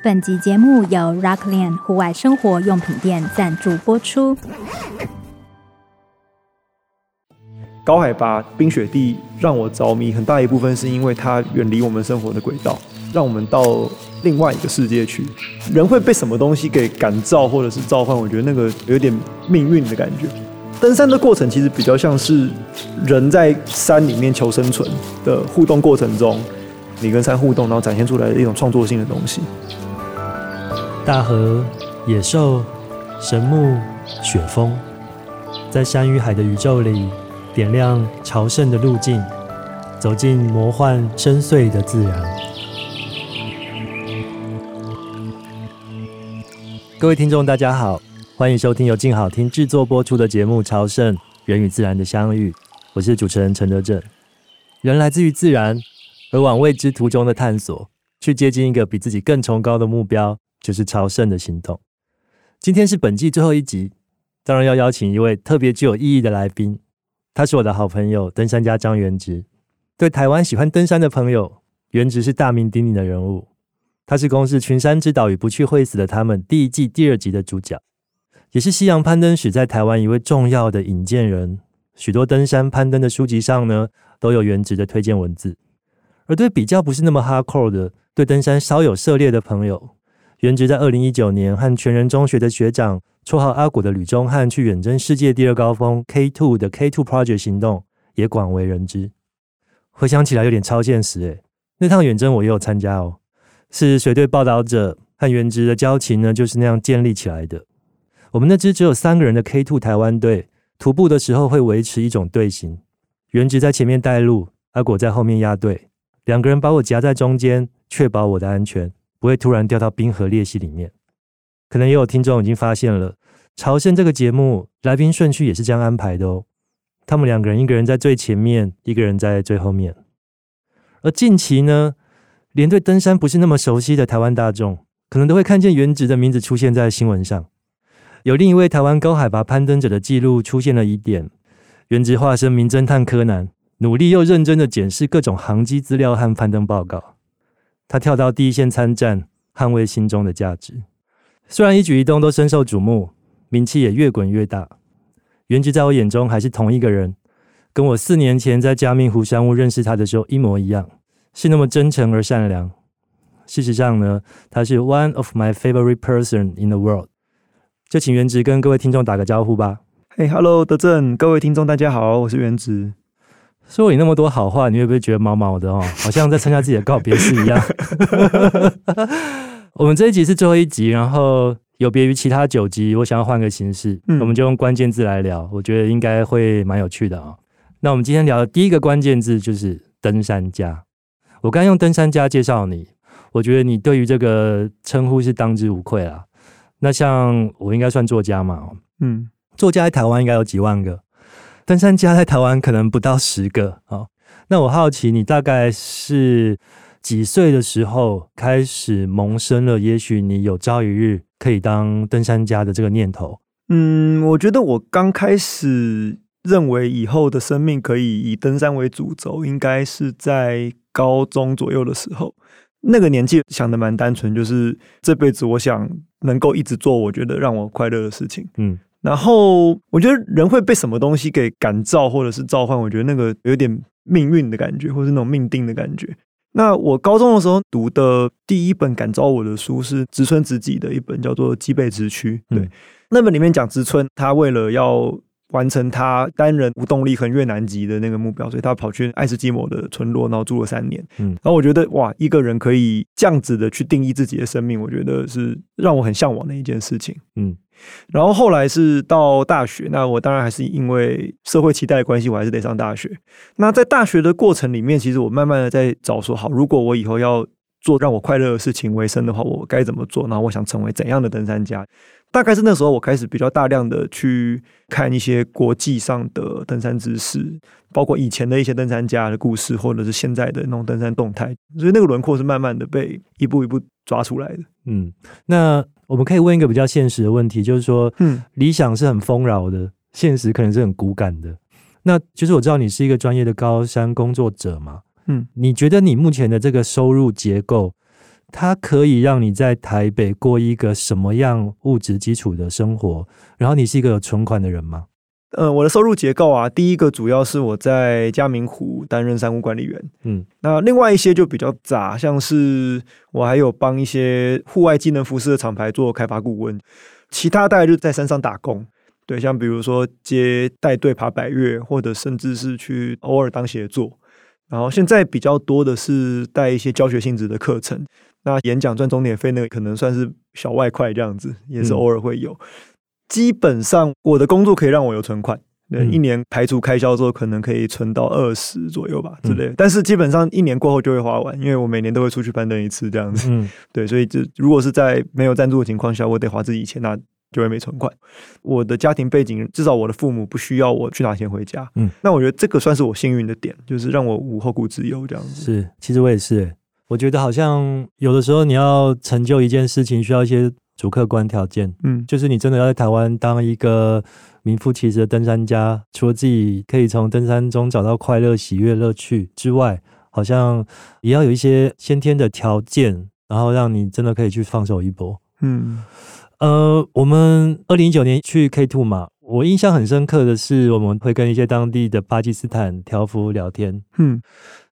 本集節目由 Rockland 戶外生活用品店贊助播出。高海拔、冰雪地讓我着迷，很大一部分是因為它遠離我們生活的軌道，讓我們到另外一個世界去。人會被什麼東西給感召或者是召喚？我覺得那個有點命運的感覺。登山的過程其實比較像是人在山裡面求生存的互動過程中，你跟山互動，然後展現出來的一種創作性的東西。大河、野獸、神木、雪峰，在山與海的宇宙裡，點亮朝聖的路徑，走進魔幻深邃的自然。各位聽眾，大家好，歡迎收聽由靜好聽製作播出的節目《朝聖：人與自然的相遇》。我是主持人陳德正。人來自於自然，而往未知途中的探索，去接近一個比自己更崇高的目標。就是朝聖的行動。今天是本季最後一集，當然要邀請一位特別具有意義的來賓，他是我的好朋友登山家張元植。對台灣喜歡登山的朋友，元植是大名鼎鼎的人物。他是公視《群山之島》與《不去會死》的他們第一季第二集的主角，也是西洋攀登史在台灣一位重要的引薦人。許多登山攀登的書籍上呢，都有元植的推薦文字。而對比較不是那麼 hardcore 的，對登山稍有涉獵的朋友。元植在二零一九年和全人中學的學長，綽號阿果的呂忠翰去遠征世界第二高峰 K Two 的 K Two Project 行動，也廣為人知。回想起來有點超現實誒，那趟遠征我也有參加哦。是誰對報導者和元植的交情呢？就是那樣建立起來的。我們那支只有三個人的 K Two 台灣隊，徒步的時候會維持一種隊形，元植在前面帶路，阿果在後面壓隊，兩個人把我夾在中間，確保我的安全。不會突然掉到冰河裂隙裡面。可能也有聽眾已經發現了，朝聖這個節目來賓順序也是這樣安排的哦。他們兩個人，一個人在最前面，一個人在最後面。而近期呢，連對登山不是那麼熟悉的台灣大眾，可能都會看見元植的名字出現在新聞上。有另一位台灣高海拔攀登者的記錄出現了疑點，元植化身名偵探柯南，努力又認真的檢視各種航機資料和攀登報告。他跳到第一線參戰，捍衛心中的價值。雖然一舉一動都深受矚目，名氣也越滾越大。元植在我眼中還是同一個人，跟我四年前在嘉明湖山屋認識他的時候一模一樣，是那麼真誠而善良。事實上呢，他是 one of my favorite person in the world。就請元植跟各位聽眾打個招呼吧。嘿，Hey，Hello，德正，各位聽眾大家好，我是元植。說你那麼多好話，你會不會覺得毛毛的哦？好像在參加自己的告別式一樣。 我們這一集是最後一集，然後有別於其他九集，我想要換個形式，嗯，我們就用關鍵字來聊，我覺得應該會蠻有趣的啊，哦。那我們今天聊的第一個關鍵字就是登山家。我剛用登山家介紹你，我覺得你對於這個稱呼是當之無愧啦。那像我應該算作家嘛？嗯，作家在台灣應該有幾萬個。登山家在台灣可能不到十個啊。那我好奇，你大概是幾歲的時候開始萌生了，也許你有朝一日可以當登山家的這個念頭？嗯，我覺得我剛開始認為以後的生命可以以登山為主軸，應該是在高中左右的時候。那個年紀想得蠻單純，就是這輩子我想能夠一直做我覺得讓我快樂的事情。嗯。然後我覺得人會被什麼東西給感召或者是召喚，我覺得那個有點命運的感覺，或者是那種命定的感覺。那我高中的時候讀的第一本感召我的書是植村直己的一本，叫做《極北直驅》，嗯。對，那本裡面講植村，他為了要。完成他單人無動力橫越南極的那個目標，所以他跑去愛斯基摩的村落，然後住了三年。嗯，然後我覺得哇，一個人可以這樣子的去定義自己的生命，我覺得是讓我很向往的一件事情。嗯，然後後來是到大學，那我當然還是因為社會期待的關係，我還是得上大學。那在大學的過程裡面，其實我慢慢的在找說，好，如果我以後要做讓我快樂的事情為生的話，我該怎麼做？然後我想成為怎樣的登山家？大概是那時候，我開始比較大量的去看一些國際上的登山知識，包括以前的一些登山家的故事，或者是現在的那種登山動態，所以那個輪廓是慢慢的被一步一步抓出來的。嗯，那我們可以問一個比較現實的問題，就是說，嗯，理想是很豐饒的，現實可能是很骨感的。那其實我知道你是一個專業的高山工作者嘛，嗯，你覺得你目前的這個收入結構？它可以讓你在台北過一個什麼樣物質基礎的生活？然後你是一個有存款的人嗎？呃，我的收入結構啊，第一個主要是我在嘉明湖擔任商務管理員，嗯，那另外一些就比較雜，像是我還有幫一些戶外技能服飾的廠牌做開發顧問，其他大概就是在山上打工，對，像比如說接帶隊爬百岳，或者甚至是去偶爾當協作，然後現在比較多的是帶一些教學性質的課程。那演講賺鐘點費，那個可能算是小外快，這樣子也是偶爾會有、嗯。基本上我的工作可以讓我有存款，嗯、一年排除開銷之後，可能可以存到二十左右吧，嗯、之類的。但是基本上一年過後就會花完，因為我每年都會出去攀登一次這樣子。嗯，對，所以就如果是在沒有贊助的情況下，我得花自己錢，那就會沒存款。我的家庭背景，至少我的父母不需要我去拿錢回家。嗯，那我覺得這個算是我幸運的點，就是讓我無後顧之憂這樣子。是，其實我也是。我覺得好像有的時候你要成就一件事情，需要一些主客觀條件。嗯，就是你真的要在台灣當一個名副其實的登山家，除了自己可以從登山中找到快樂、喜悅、樂趣之外，好像也要有一些先天的條件，然後讓你真的可以去放手一搏。嗯，呃，我們二零一九年去 K Two 嘛，我印象很深刻的是我們會跟一些當地的巴基斯坦挑夫聊天。嗯，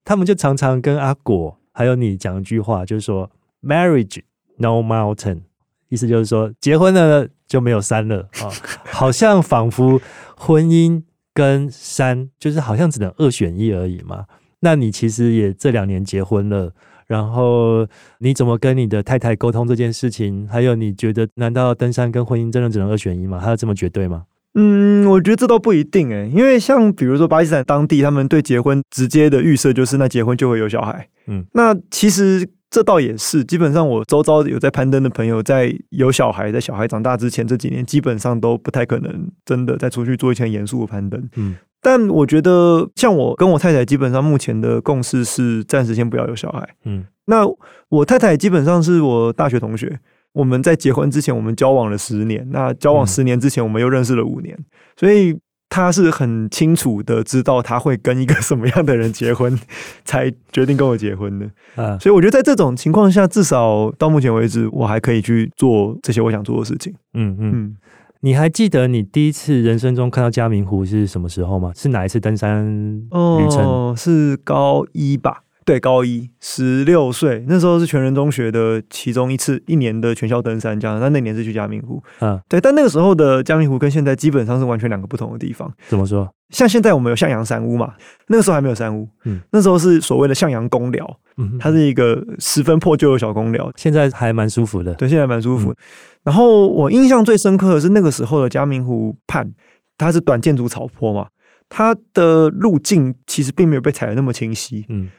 他們就常常跟阿果。還有你講一句話，就是說 marriage no mountain，意思就是說結婚了就沒有山了啊。哦，好像仿佛婚姻跟山就是好像只能二選一而已嘛。那你其實也這兩年結婚了，然後你怎麼跟你的太太溝通這件事情？還有你覺得難道登山跟婚姻真的只能二選一嗎？還要這麼絕對嗎？嗯，我覺得這都不一定欸，因為像比如說巴基斯坦當地，他們對結婚直接的預設就是，那結婚就會有小孩。嗯，那其實這倒也是，基本上我周遭有在攀登的朋友，在有小孩、在小孩長大之前這幾年，基本上都不太可能真的再出去做一些嚴肅的攀登。嗯，但我覺得像我跟我太太基本上目前的共識是暫時先不要有小孩。嗯，那我太太基本上是我大學同學。我們在結婚之前，我們交往了十年。那交往十年之前，我們又認識了五年。嗯。所以他是很清楚的知道他會跟一個什麼樣的人結婚 才決定跟我結婚的。啊，所以我覺得在這種情況下，至少到目前為止，我還可以去做這些我想做的事情。嗯嗯，嗯，你還記得你第一次人生中看到嘉明湖是什麼時候嗎？是哪一次登山？哦，是高一吧。對，高一十六歲，那時候是全人中學的，其中一次一年的全校登山這樣，但那年是去嘉明湖，啊。對，但那個時候的嘉明湖跟現在基本上是完全兩個不同的地方。怎麼說？像現在我們有向陽山屋嘛，那個時候還沒有山屋。嗯，那時候是所謂的向陽公寮，嗯，它是一個十分破舊的小公寮，現在還蠻舒服的。對，現在還蠻舒服，嗯。然後我印象最深刻的是那個時候的嘉明湖畔，它是短箭竹草坡嘛，它的路徑其實並沒有被踩得那麼清晰。嗯。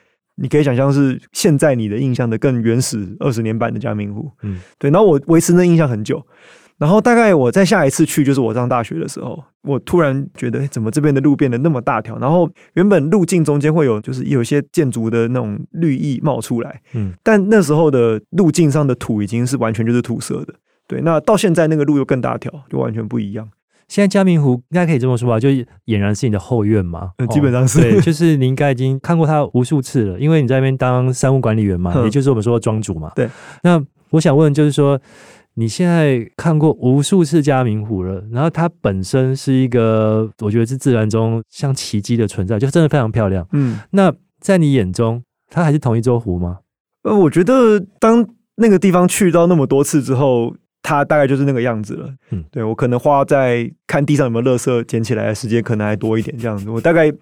你可以想象是現在你的印象的更原始二十年版的嘉明湖，嗯，對。然後我維持那印象很久，然後大概我在下一次去就是我上大學的時候，我突然覺得、欸、怎麼這邊的路變得那麼大條，然後原本路徑中間會有就是有一些建築的那種綠意冒出來，嗯，但那時候的路徑上的土已經是完全就是土色的，對。那到現在那個路又更大條，就完全不一樣。現在嘉明湖應該可以這麼說吧，就儼然是你的後院嘛。嗯，基本上是。哦，對，就是你應該已經看過它無數次了，因為你在那邊當山屋管理員嘛，也就是我們說的莊主嘛。對，那我想問就是說，你現在看過無數次嘉明湖了，然後它本身是一個，我覺得是自然中像奇蹟的存在，就真的非常漂亮。嗯，那在你眼中，它還是同一座湖嗎？呃，我覺得當那個地方去到那麼多次之後。它大概就是那個樣子了嗯對。嗯，對，我可能花在看地上有沒有垃圾撿起來的時間可能還多一點這樣子。我大概，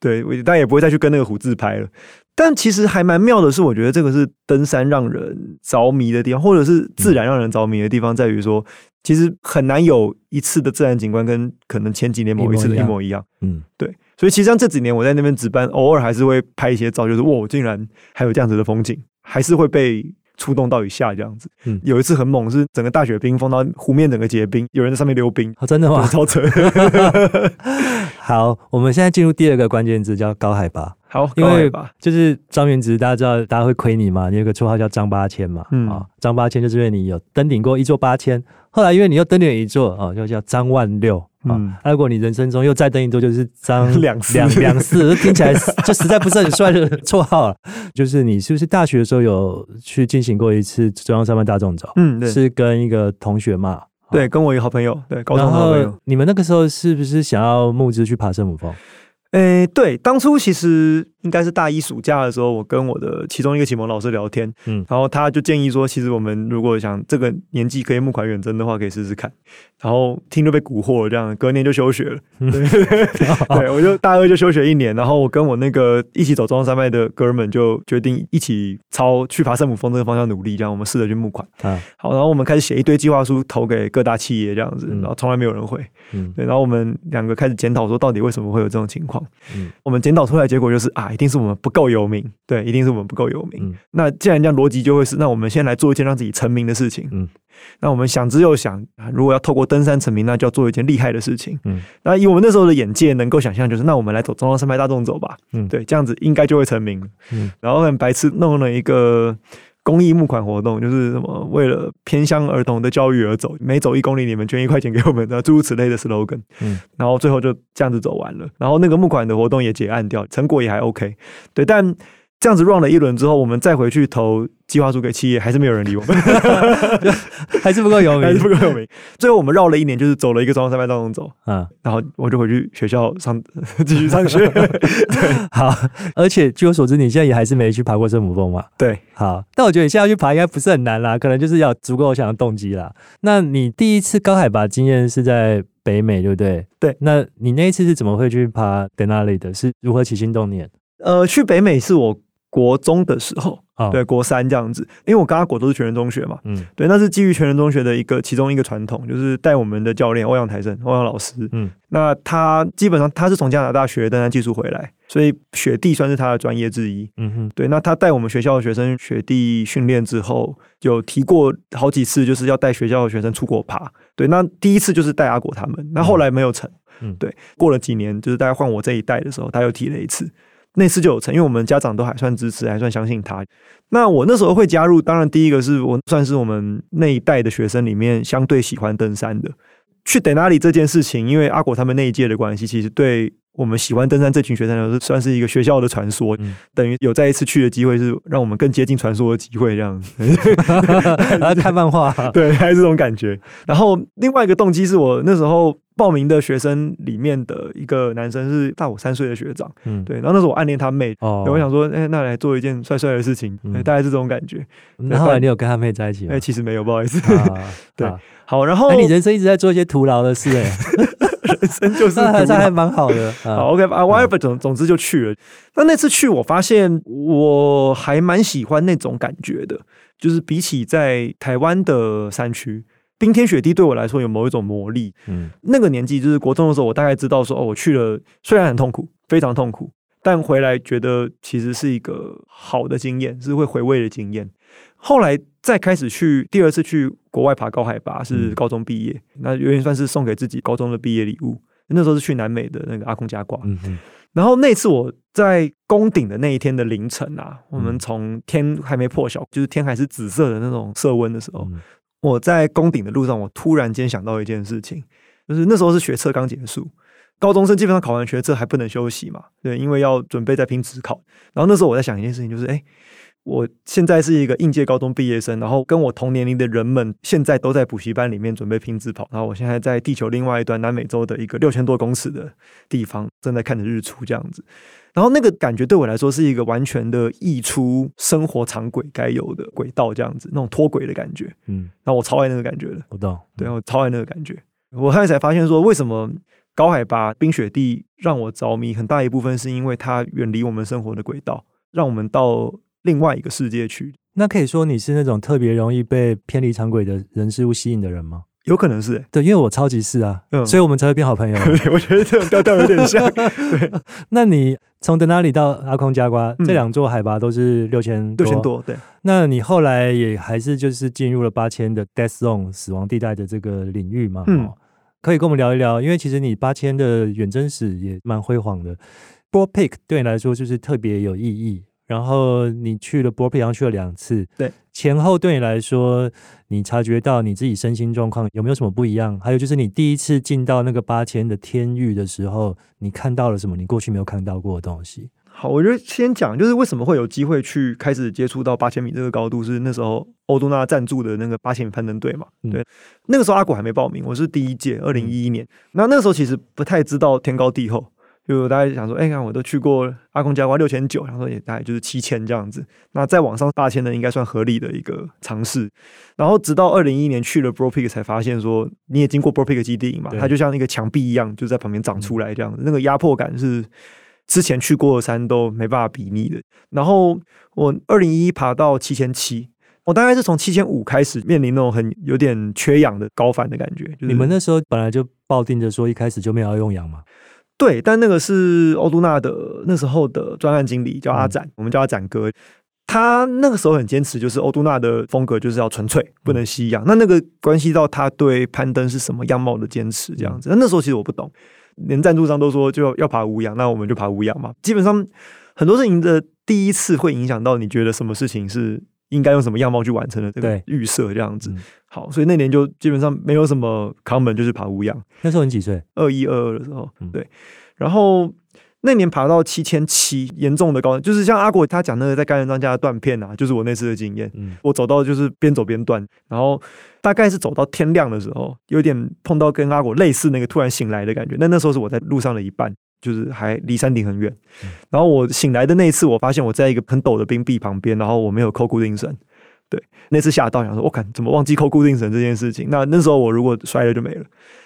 對，我大概但也不會再去跟那個虎自拍了。但其實還蠻妙的是，我覺得這個是登山讓人着迷的地方，或者是自然讓人着迷的地方在，在於說其實很難有一次的自然景觀跟可能前幾年某一次的一模一樣。嗯，對。所以其實像這幾年我在那邊值班，偶爾還是會拍一些照，就是哇，竟然還有這樣子的風景，還是會被。出洞到雨下這樣子、嗯，有一次很猛，是整個大雪冰封到湖面，整個結冰，有人在上面溜冰、哦，真的嗎？就是、 好，我們現在進入第二個關鍵字，叫高海拔。好，高海拔因為就是張元植大家知道，大家會虧你嘛？你有個綽號叫張八千嘛，啊、嗯哦，張八千就是因為你有登頂過一座八千，後來因為你又登頂一座啊、哦，就叫張萬六。嗯、啊！如果你人生中又再登一座，就是張兩兩兩四，就聽起來就實在不是很帥的綽號了。 就是你是不是大學的時候有去進行過一次中央山脈大縱走？嗯，是跟一個同學嘛，對，跟我一個好朋友，對，高中好朋友。然後，你們那個時候是不是想要募資去爬聖母峰？誒、欸，對，當初其實應該是大一暑假的時候，我跟我的其中一個啟蒙老師聊天，嗯，然後他就建議說，其實我們如果想這個年紀可以募款遠征的話，可以試試看。然後聽着被蠱惑，這樣隔年就休學了。對，嗯、 對，我就大二就休學一年，然後我跟我那個一起走中央山脈的哥們就決定一起朝去爬聖母峰這個方向努力，這樣我們試着去募款，啊。好，然後我們開始寫一堆計劃書投給各大企業，這樣子，嗯，然後從來沒有人回。嗯，對，然後我們兩個開始檢討說，到底為什麼會有這種情況？嗯，我們檢討出來的結果就是啊，一定是我們不夠有名，對，一定是我們不夠有名、嗯。那既然這樣，邏輯就會是，那我們先來做一件讓自己成名的事情。嗯，那我們想之又想，如果要透過登山成名，那就要做一件厲害的事情。嗯，那以我們那時候的眼界，能夠想象就是，那我們來走中央山脈大縱走吧。嗯，對，這樣子應該就會成名。嗯，然後很白痴弄了一個。公益募款活動就是什麼，為了偏鄉兒童的教育而走，每走一公里你們捐一塊錢給我們的，諸如此類的 slogan、嗯。然後最後就這樣子走完了，然後那個募款的活動也結案掉，成果也還 OK。對，但。這樣子 run 了一輪之後，我們再回去投計劃書給企業，還是沒有人理我們， 還是不夠有名，還是不夠有名。 最後我們繞了一年，就是走了一個雙峰山脈當中走啊，然後我就回去學校上繼續上學 對。好，而且據我所知，你現在也還是沒去爬過聖母峰嘛？對。好，但我覺得你現在要去爬應該不是很難啦，可能就是要足夠想要動機啦。那你第一次高海拔經驗是在北美，對不對？對。那你那一次是怎麼會去爬 Denali 的？是如何起心動念？呃，去北美是我。國中的時候，oh. 對，國三這樣子，因為我跟阿果都是全人中學嘛，嗯、對，那是基於全人中學的一個其中一個傳統，就是帶我們的教練歐陽台生，歐陽老師，嗯，那他基本上他是從加拿大學登山技術回來，所以雪地算是他的專業之一，嗯哼，對，那他帶我們學校的學生雪地訓練之後，就提過好幾次，就是要帶學校的學生出國爬，對，那第一次就是帶阿果他們，那後來沒有成，嗯，對，過了幾年，就是大家換我這一代的時候，他又提了一次。那次就有成，因為我們家長都還算支持，還算相信他。那我那時候會加入，當然第一個是我算是我們那一代的學生裡面相對喜歡登山的。去德納里這件事情，因為阿果他們那一屆的關係，其實對。我們喜歡登山這群學生的，算是一個學校的傳說。嗯、等於有再一次去的機會，是讓我們更接近傳說的機會，這樣子。 然後看漫畫，對，還是這種感覺。然後另外一個動機是我那時候報名的學生裡面的一個男生，是大我三歲的學長。嗯、對。然後那時候我暗戀他妹，然、哦、後想說，哎、欸，那來做一件帥帥的事情，嗯、大概是這種感覺。那、嗯、後、後來你有跟他妹在一起嗎？哎、欸，其實沒有，不好意思。好好好 對，好，好。然後、欸、你人生一直在做一些徒勞的事、欸，哎。 人生就是還是還蠻好的。好，OK，whatever，okay, uh, 總總之就去了。那那次去，我發現我還蠻喜歡那種感覺的，就是比起在台灣的山區，冰天雪地對我來說有某一種魔力。嗯，那個年紀就是國中的時候，我大概知道說，哦，我去了，雖然很痛苦，非常痛苦，但回來覺得其實是一個好的經驗，是會回味的經驗。後來。再開始去第二次去國外爬高海拔是高中畢業，嗯、那有點算是送給自己高中的畢業禮物。那時候是去南美的那個阿空加瓜，嗯，然後那次我在攻頂的那一天的凌晨啊，我們從天還沒破曉，嗯，就是天還是紫色的那種色溫的時候，嗯，我在攻頂的路上，我突然間想到一件事情，就是那時候是學測剛結束，高中生基本上考完學測還不能休息嘛，對，因為要準備再拼指考。然後那時候我在想一件事情，就是哎，欸我現在是一個應屆高中畢業生，然後跟我同年齡的人們現在都在補習班裡面準備拼字跑。然後我現在在地球另外一端南美洲的一個六千多公尺的地方，正在看着日出這樣子。然後那個感覺對我來說是一個完全的溢出生活常軌該有的軌道這樣子，那種脫軌的感覺。嗯，那我超愛那個感覺的。我懂。對，我超愛那個感覺。我後來才發現說，為什麼高海拔冰雪地讓我着迷？很大一部分是因為它遠離我們生活的軌道，讓我們到。另外一個世界去，那可以說你是那種特別容易被偏離常軌的人事物吸引的人嗎？有可能是、欸，對，因為我超級是啊，嗯、所以我們才會變好朋友。 我覺得這種調調有點像。 對，那你從德納里到阿空加瓜、嗯，這兩座海拔都是六千六千多，對。那你後來也還是就是進入了八千的 Death Zone 死亡地帶的這個領域嘛？嗯、哦、可以跟我們聊一聊，因為其實你八千的遠征史也蠻輝煌的。Broad Peak 對你來說就是特別有意義。然後你去了波克陽，去了兩次。對，前後對你來說，你察覺到你自己身心狀況有沒有什麼不一樣？還有就是你第一次進到那個八千的天域的時候，你看到了什麼？你過去沒有看到過的東西。好，我覺得先講，就是為什麼會有機會去開始接觸到八千米這個高度？是那時候歐都納贊助的那個八千米攀登隊嘛？對、嗯，那個時候阿果還沒報名，我是第一屆，二零一一年。那、嗯、那個時候其實不太知道天高地厚。就我大家想說，哎、欸、呀，看我都去過阿空加瓜六千九，然後也大概就是七千這樣子。那再往上八千的應該算合理的一個嘗試。然後直到二零一一年去了 Bro Peak 才發現，說你也經過 Bro Peak 基地嘛，它就像那個牆壁一樣，就在旁邊長出來這樣子、嗯，那個壓迫感是之前去過的山都沒辦法比擬的。然後我二零一一爬到七千七，我大概是從七千五開始面臨那種很有點缺氧的高反的感覺、就是。你們那時候本來就抱定着說一開始就沒有要用氧嘛。對，但那個是歐都納的那時候的專案經理叫阿展，嗯、我們叫他展哥。他那個時候很堅持，就是歐都納的風格就是要純粹，不能吸氧。嗯、那那個關係到他對攀登是什麼樣貌的堅持這樣子。那、嗯、那時候其實我不懂，連贊助商都說就要要爬無氧，那我們就爬無氧嘛。基本上很多事情的第一次會影響到你覺得什麼事情是應該用什麼樣貌去完成的這個預設，這樣子、嗯、好，所以那年就基本上沒有什麼 common 就是爬無氧。那時候你幾歲？二一二二的時候、嗯，對。然後那年爬到七千七，嚴重的高，就是像阿果他講那個在干城章嘉斷片啊，就是我那次的經驗、嗯。我走到就是邊走邊斷，然後大概是走到天亮的時候，有點碰到跟阿果類似那個突然醒來的感覺。那那時候是我在路上的一半。就是還離山頂很遠、嗯，然後我醒來的那一次，我發現我在一個很陡的冰壁旁邊，然後我沒有扣固定繩，對，那次嚇到，想說，我怎麼忘記扣固定繩這件事情？那那時候我如果摔了就沒了，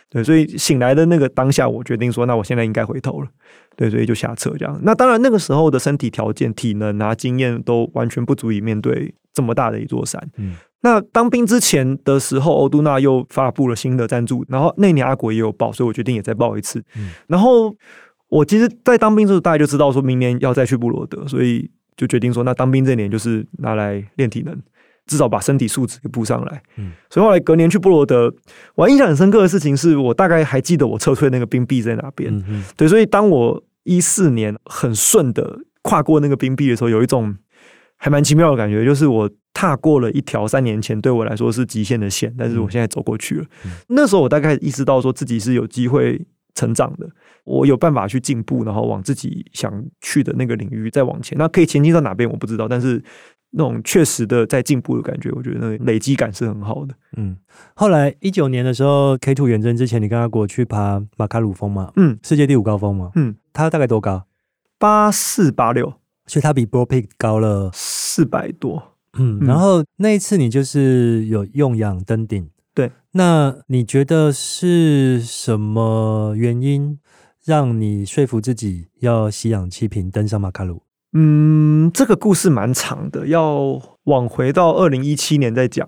對，所以醒來的那個當下，我決定說，那我現在應該回頭了，對，所以就下撤這樣。那當然那個時候的身體條件、體能啊、經驗都完全不足以面對這麼大的一座山。嗯，那當兵之前的時候，歐都納又發布了新的贊助，然後那年阿國也有報，所以我決定也再報一次、嗯，然後。我其實，在當兵的時候，大概就知道說明年要再去布羅德，所以就決定說，那當兵這一年就是拿來練體能，至少把身體素質給補上來。嗯，所以後來隔年去布羅德，我印象很深刻的事情是我大概還記得我撤退那個冰壁在哪邊。對，所以當我一四年很順的跨過那個冰壁的時候，有一種還蠻奇妙的感覺，就是我踏過了一條三年前對我來說是極限的線，嗯，但是我現在走過去了，嗯。那時候我大概意識到，說自己是有機會成長的，我有辦法去進步，然後往自己想去的那個領域再往前。那可以前進到哪邊我不知道，但是那種確實的在進步的感覺，我覺得累積感是很好的。嗯，後來一九年的時候，K two 遠征之前，你跟他過去爬馬卡魯峰嘛？嗯，世界第五高峰嘛？嗯，它大概多高？八四八六，所以它比 Broad Peak 高了四百多，嗯。嗯，然後那一次你就是有用氧登頂。那你覺得是什麼原因讓你說服自己要吸氧氣瓶登上馬卡魯？嗯，這個故事蠻長的，要往回到二零一七年再講。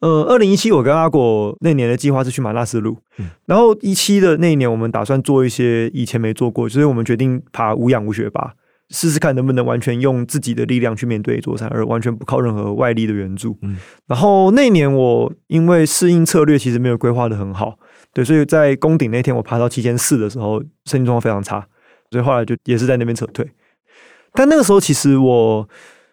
呃，二零一七我跟阿果那年的計劃是去馬納斯魯，嗯，然後一七的那一年我們打算做一些以前沒做過，所以我們決定爬無氧無雪巴。試試看能不能完全用自己的力量去面對一座山，而完全不靠任何外力的援助。嗯，然後那年我因為適應策略其實沒有規劃得很好，對，所以在攻頂那天我爬到七千四的時候，身體狀況非常差，所以後來就也是在那邊撤退。但那個時候其實我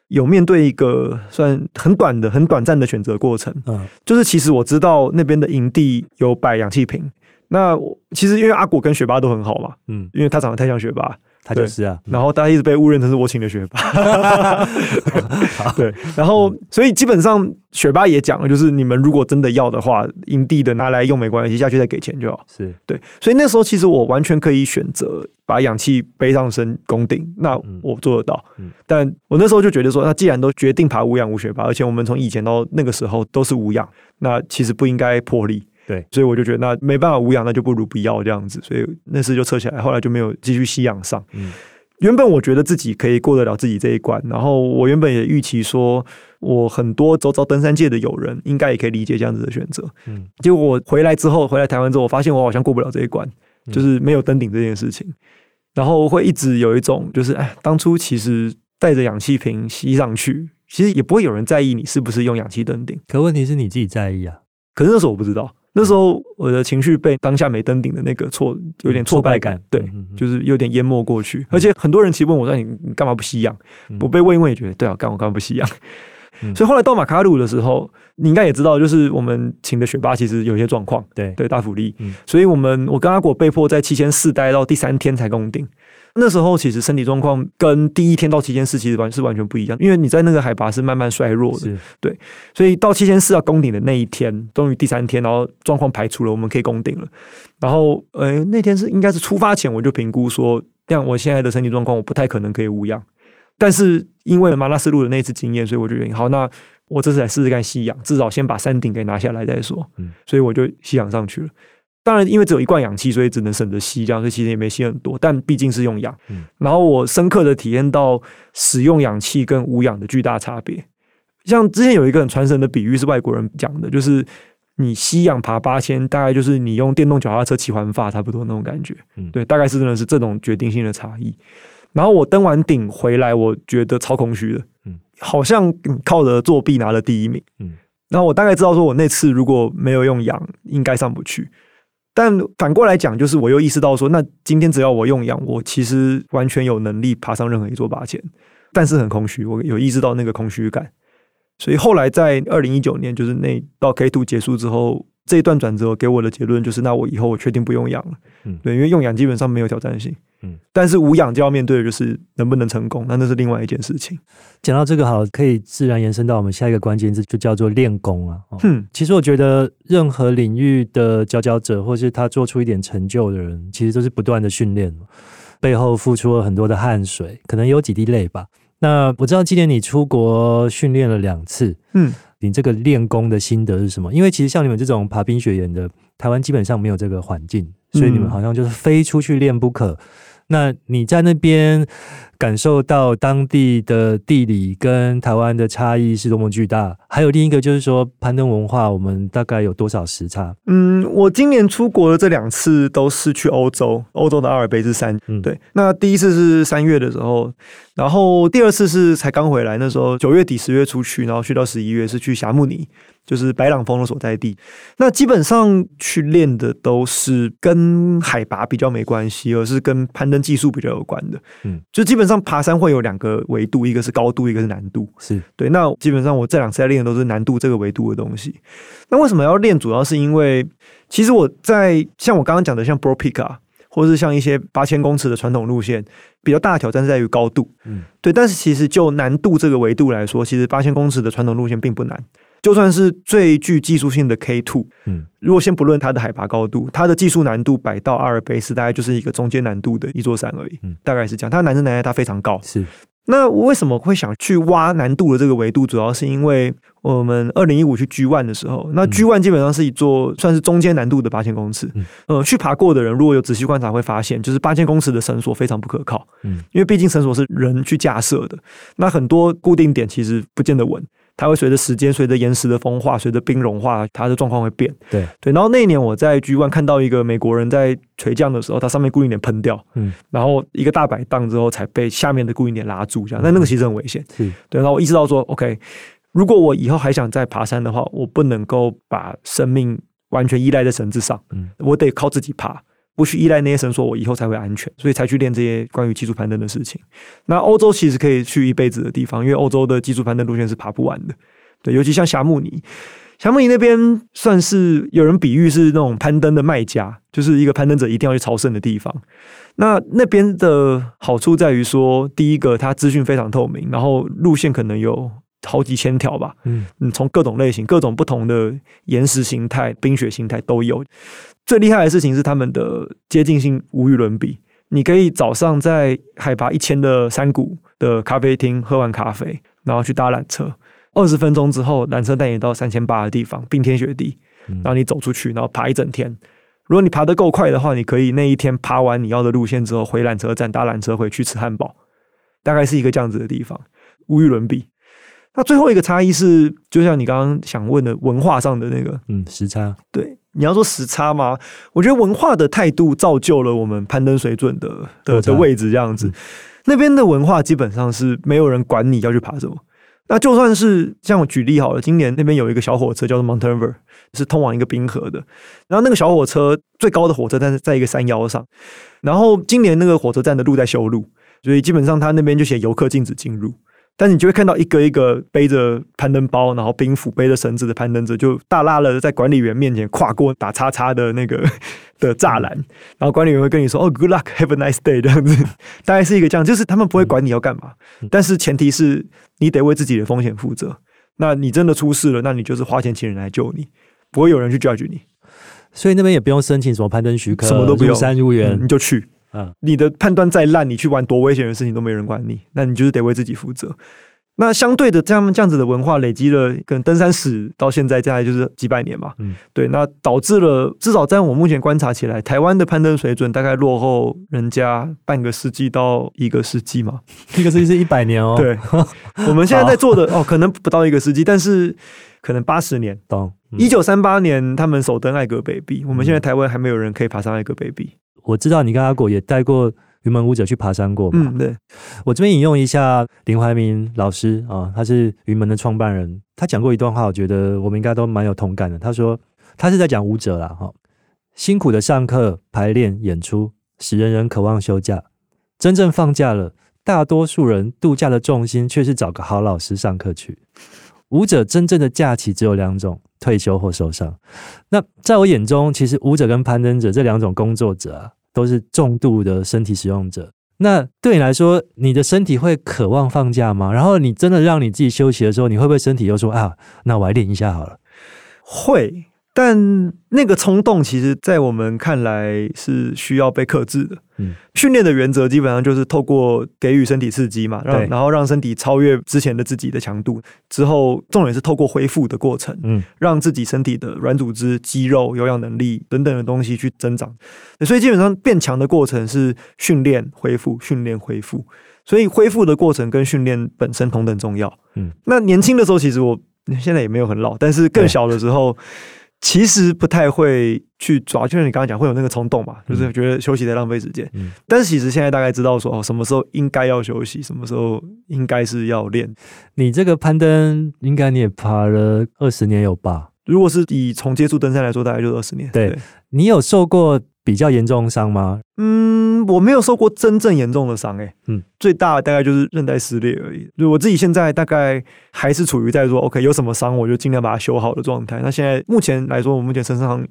有面對一個算很短的，很短暫的選擇過程。嗯，就是其實我知道那邊的營地有擺氧氣瓶，那我其實因為阿果跟雪巴都很好嘛，嗯，因為他長得太像雪巴。他就是啊，然後大家一直被誤認成是我請的雪巴， 對，然後所以基本上雪巴也講了，就是你們如果真的要的話，營地的拿來用沒關係，下去再給錢就好。是對，所以那時候其實我完全可以選擇把氧氣背上身攻頂，那我做得到。但我那時候就覺得說，那既然都決定爬無氧無雪巴，而且我們從以前到那個時候都是無氧，那其實不應該破例。對，所以我就覺得那沒辦法無氧，那就不如不要這樣子，所以那次就撤下來，後來就沒有繼續吸氧上。嗯，原本我覺得自己可以過得了自己這一關，然後我原本也預期說我很多周遭登山界的友人應該也可以理解這樣子的選擇。嗯，結果我回來之後，回來台灣之後，我發現我好像過不了這一關，嗯，就是沒有登頂這件事情，然後會一直有一種就是哎，當初其實帶着氧氣瓶吸上去，其實也不會有人在意你是不是用氧氣登頂。可問題是，你自己在意啊。可是那時候我不知道。那時候我的情緒被當下沒登頂的那個挫，有點挫敗感，敗感對、嗯，就是有點淹沒過去。嗯、而且很多人其實問我說你，幹嘛不吸氧、嗯？我被問問也覺得，對啊，幹我幹嘛不吸氧、嗯？所以後來到馬卡魯的時候，你應該也知道，就是我們請的雪巴其實有一些狀況，對，對，大福利，嗯、所以我們我跟阿果被迫在七千四待到第三天才攻頂。那時候其實身體狀況跟第一天到七千四其實完是完全不一樣，因為你在那個海拔是慢慢衰弱的，對。所以到七千四要攻頂的那一天，終於第三天，然後狀況排除了，我們可以攻頂了。然後，呃、欸，那天是應該是出發前我就評估說，這樣我現在的身體狀況我不太可能可以無氧，但是因為馬納斯盧的那一次經驗，所以我就覺得好，那我這次來試試看吸氧，至少先把山頂給拿下來再說。嗯，所以我就吸氧上去了。當然，因為只有一罐氧氣，所以只能省着吸，這樣子其實也沒吸很多。但畢竟是用氧、嗯，然後我深刻的體驗到使用氧氣跟無氧的巨大差別。像之前有一個很傳神的比喻，是外國人講的，就是你吸氧爬八千，大概就是你用電動腳踏車騎環法差不多那種感覺、嗯。對，大概是真的是這種決定性的差異。然後我登完頂回來，我覺得超空虛的，好像靠着作弊拿了第一名，然後我大概知道，說我那次如果沒有用氧，應該上不去。但反過來講，就是我又意識到說，那今天只要我用氧，我其實完全有能力爬上任何一座八千，但是很空虛，我有意識到那個空虛感。所以後來在二零一九年，就是那到 K two 結束之後，這一段轉折給我的結論就是，那我以後我確定不用氧了。嗯，對，因為用氧基本上沒有挑戰性。嗯，但是無氧就要面對的就是能不能成功，那那是另外一件事情。講到這個好，可以自然延伸到我們下一個關鍵字，就叫做練功了、啊。嗯，其實我覺得任何領域的佼佼者，或是他做出一點成就的人，其實都是不斷的訓練，背後付出了很多的汗水，可能有幾滴淚吧。那我知道今年你出國訓練了兩次，嗯，你這個練功的心得是什麼？因為其實像你們這種爬冰雪岩的，台灣基本上沒有這個環境。所以你們好像就是非出去練不可。嗯、那你在那邊，感受到當地的地理跟台灣的差異是多麼巨大。還有另一個就是說，攀登文化，我們大概有多少時差？嗯，我今年出國的這兩次都是去歐洲，歐洲的阿爾卑斯山。嗯，對。那第一次是三月的時候，然後第二次是才剛回來，那時候九月底十月出去，然後去到十一月是去霞慕尼，就是白朗峰的所在地。那基本上去練的都是跟海拔比較沒關係，而是跟攀登技術比較有關的。嗯，就基本。上爬山會有兩個維度，一個是高度，一個是難度。是對，那基本上我這兩次在練的都是難度這個維度的東西。那為什麼要練？主要是因為，其實我在像我剛剛講的，像 Broad Peak 啊，或是像一些八千公尺的傳統路線，比較大的挑戰是在於高度。嗯，對。但是其實就難度這個維度來說，其實八千公尺的傳統路線並不難。就算是最具技術性的 K Two，嗯，如果先不論它的海拔高度，它的技術難度擺到阿爾卑斯，大概就是一個中間難度的一座山而已，嗯、大概是這樣。它難度難度它非常高。是，那我為什麼會想去挖難度的這個維度？主要是因為我們二零一五去 G one 的時候，嗯、那 G one 基本上是一座算是中間難度的八千公尺，嗯。呃，去爬過的人如果有仔細觀察，會發現就是八千公尺的繩索非常不可靠，嗯，因為畢竟繩索是人去架設的，那很多固定點其實不見得穩。它會隨着時間、隨着岩石的風化、隨着冰融化，它的狀況會變。對對，然後那一年我在 G1 看到一個美國人，在垂降的時候，他上面固定點噴掉，嗯，然後一個大擺盪之後，才被下面的固定點拉住這樣，嗯。但那個其實很危險。對。然後我意識到說，OK，如果我以後還想再爬山的話，我不能夠把生命完全依賴在繩子上，嗯，我得靠自己爬。不去依賴那些繩索，我以後才會安全，所以才去練這些關於技術攀登的事情。那歐洲其實可以去一輩子的地方，因為歐洲的技術攀登路線是爬不完的。對，尤其像霞慕尼，霞慕尼那邊算是有人比喻是那種攀登的麥加，就是一個攀登者一定要去朝聖的地方。那那邊的好處在於說，第一個它資訊非常透明，然後路線可能有。好幾千條吧，嗯，你從各種類型、各種不同的岩石形態、冰雪形態都有。最厲害的事情是他們的接近性無與倫比。你可以早上在海拔一千的山谷的咖啡廳喝完咖啡，然後去搭纜車，二十分鐘之後，纜車帶你到三千八的地方，冰天雪地，然後你走出去，然後爬一整天。如果你爬得夠快的話，你可以那一天爬完你要的路線之後，回纜車站搭纜車回去吃漢堡，大概是一個這樣子的地方，無與倫比。那最後一個差異是，就像你剛剛想問的文化上的那個，嗯，時差。對，你要說時差嗎？我覺得文化的態度造就了我們攀登水準的的、呃、的位置這樣子。那邊的文化基本上是沒有人管你要去爬什麼。那就算是像我舉例好了，今年那邊有一個小火車叫做 Montenvers，是通往一個冰河的。然後那個小火車最高的火車站，是在一個山腰上。然後今年那個火車站的路在修路，所以基本上他那邊就寫遊客禁止進入。但你就會看到一個一個背着攀登包，然後冰斧背着繩子的攀登者，就大拉了在管理員面前跨過打叉叉的那個的柵欄，然後管理員會跟你說：“哦、oh，good luck，have a nice day。”這樣子，大概是一個這樣，就是他們不會管你要幹嘛，嗯、但是前提是你得為自己的風險負責。那你真的出事了，那你就是花錢請人來救你，不會有人去 judge 你。所以那邊也不用申請什麼攀登許可，什麼都不用，入山入園、嗯、你就去。嗯，你的判斷再爛，你去玩多危險的事情都沒人管你，那你就是得為自己負責。那相對的，這樣這樣子的文化累積了，可能登山史到現在大概就是幾百年嘛。嗯，對，那導致了至少在我目前觀察起來，台灣的攀登水準大概落後人家半個世紀到一個世紀嘛。一個世紀是一百年哦。對，我們現在在做的 哦，哦，可能不到一個世紀，但是可能八十年。懂、嗯。一九三八年他們首登艾格北壁。我們現在台灣還沒有人可以爬上艾格北壁。我知道你跟阿果也帶過雲門舞者去爬山過嘛？嗯，對。我這邊引用一下林懷民老師啊、哦，他是雲門的創辦人，他講過一段話，我覺得我們應該都蠻有同感的。他說，他是在講舞者啦，哈、哦，辛苦的上課、排練、演出，使人人渴望休假。真正放假了，大多數人度假的重心卻是找個好老師上課去。舞者真正的假期只有兩種。退休或受傷，那在我眼中，其實舞者跟攀登者這兩種工作者啊，都是重度的身體使用者。那對你來說，你的身體會渴望放假嗎？然後你真的讓你自己休息的時候，你會不會身體又說啊，那我來練一下好了？會。但那個衝動，其實在我們看來是需要被克制的。嗯，訓練的原則基本上就是透過給予身體刺激嘛，對，然後讓身體超越之前的自己的強度。之後重點是透過恢復的過程，嗯，讓自己身體的軟組織、肌肉、有氧能力等等的東西去增長。所以基本上變強的過程是訓練、恢復、訓練、恢復。所以恢復的過程跟訓練本身同等重要。嗯，那年輕的時候其實我現在也沒有很老，但是更小的時候。其實不太會去抓，就像你剛剛講，會有那個衝動嘛，嗯，就是覺得休息在浪費時間。嗯，但是其實現在大概知道說，哦，什麼時候應該要休息，什麼時候應該是要練。你這個攀登，應該你也爬了二十年有吧？如果是以從接觸登山來說，大概就二十年。對，對。你有受過比較嚴重的傷嗎？嗯，我沒有受過真正嚴重的傷，欸，哎，嗯，最大的大概就是韌帶撕裂而已。就我自己現在大概還是處於在說，OK，有什麼傷我就盡量把它修好的狀態。那現在目前來說，我目前身上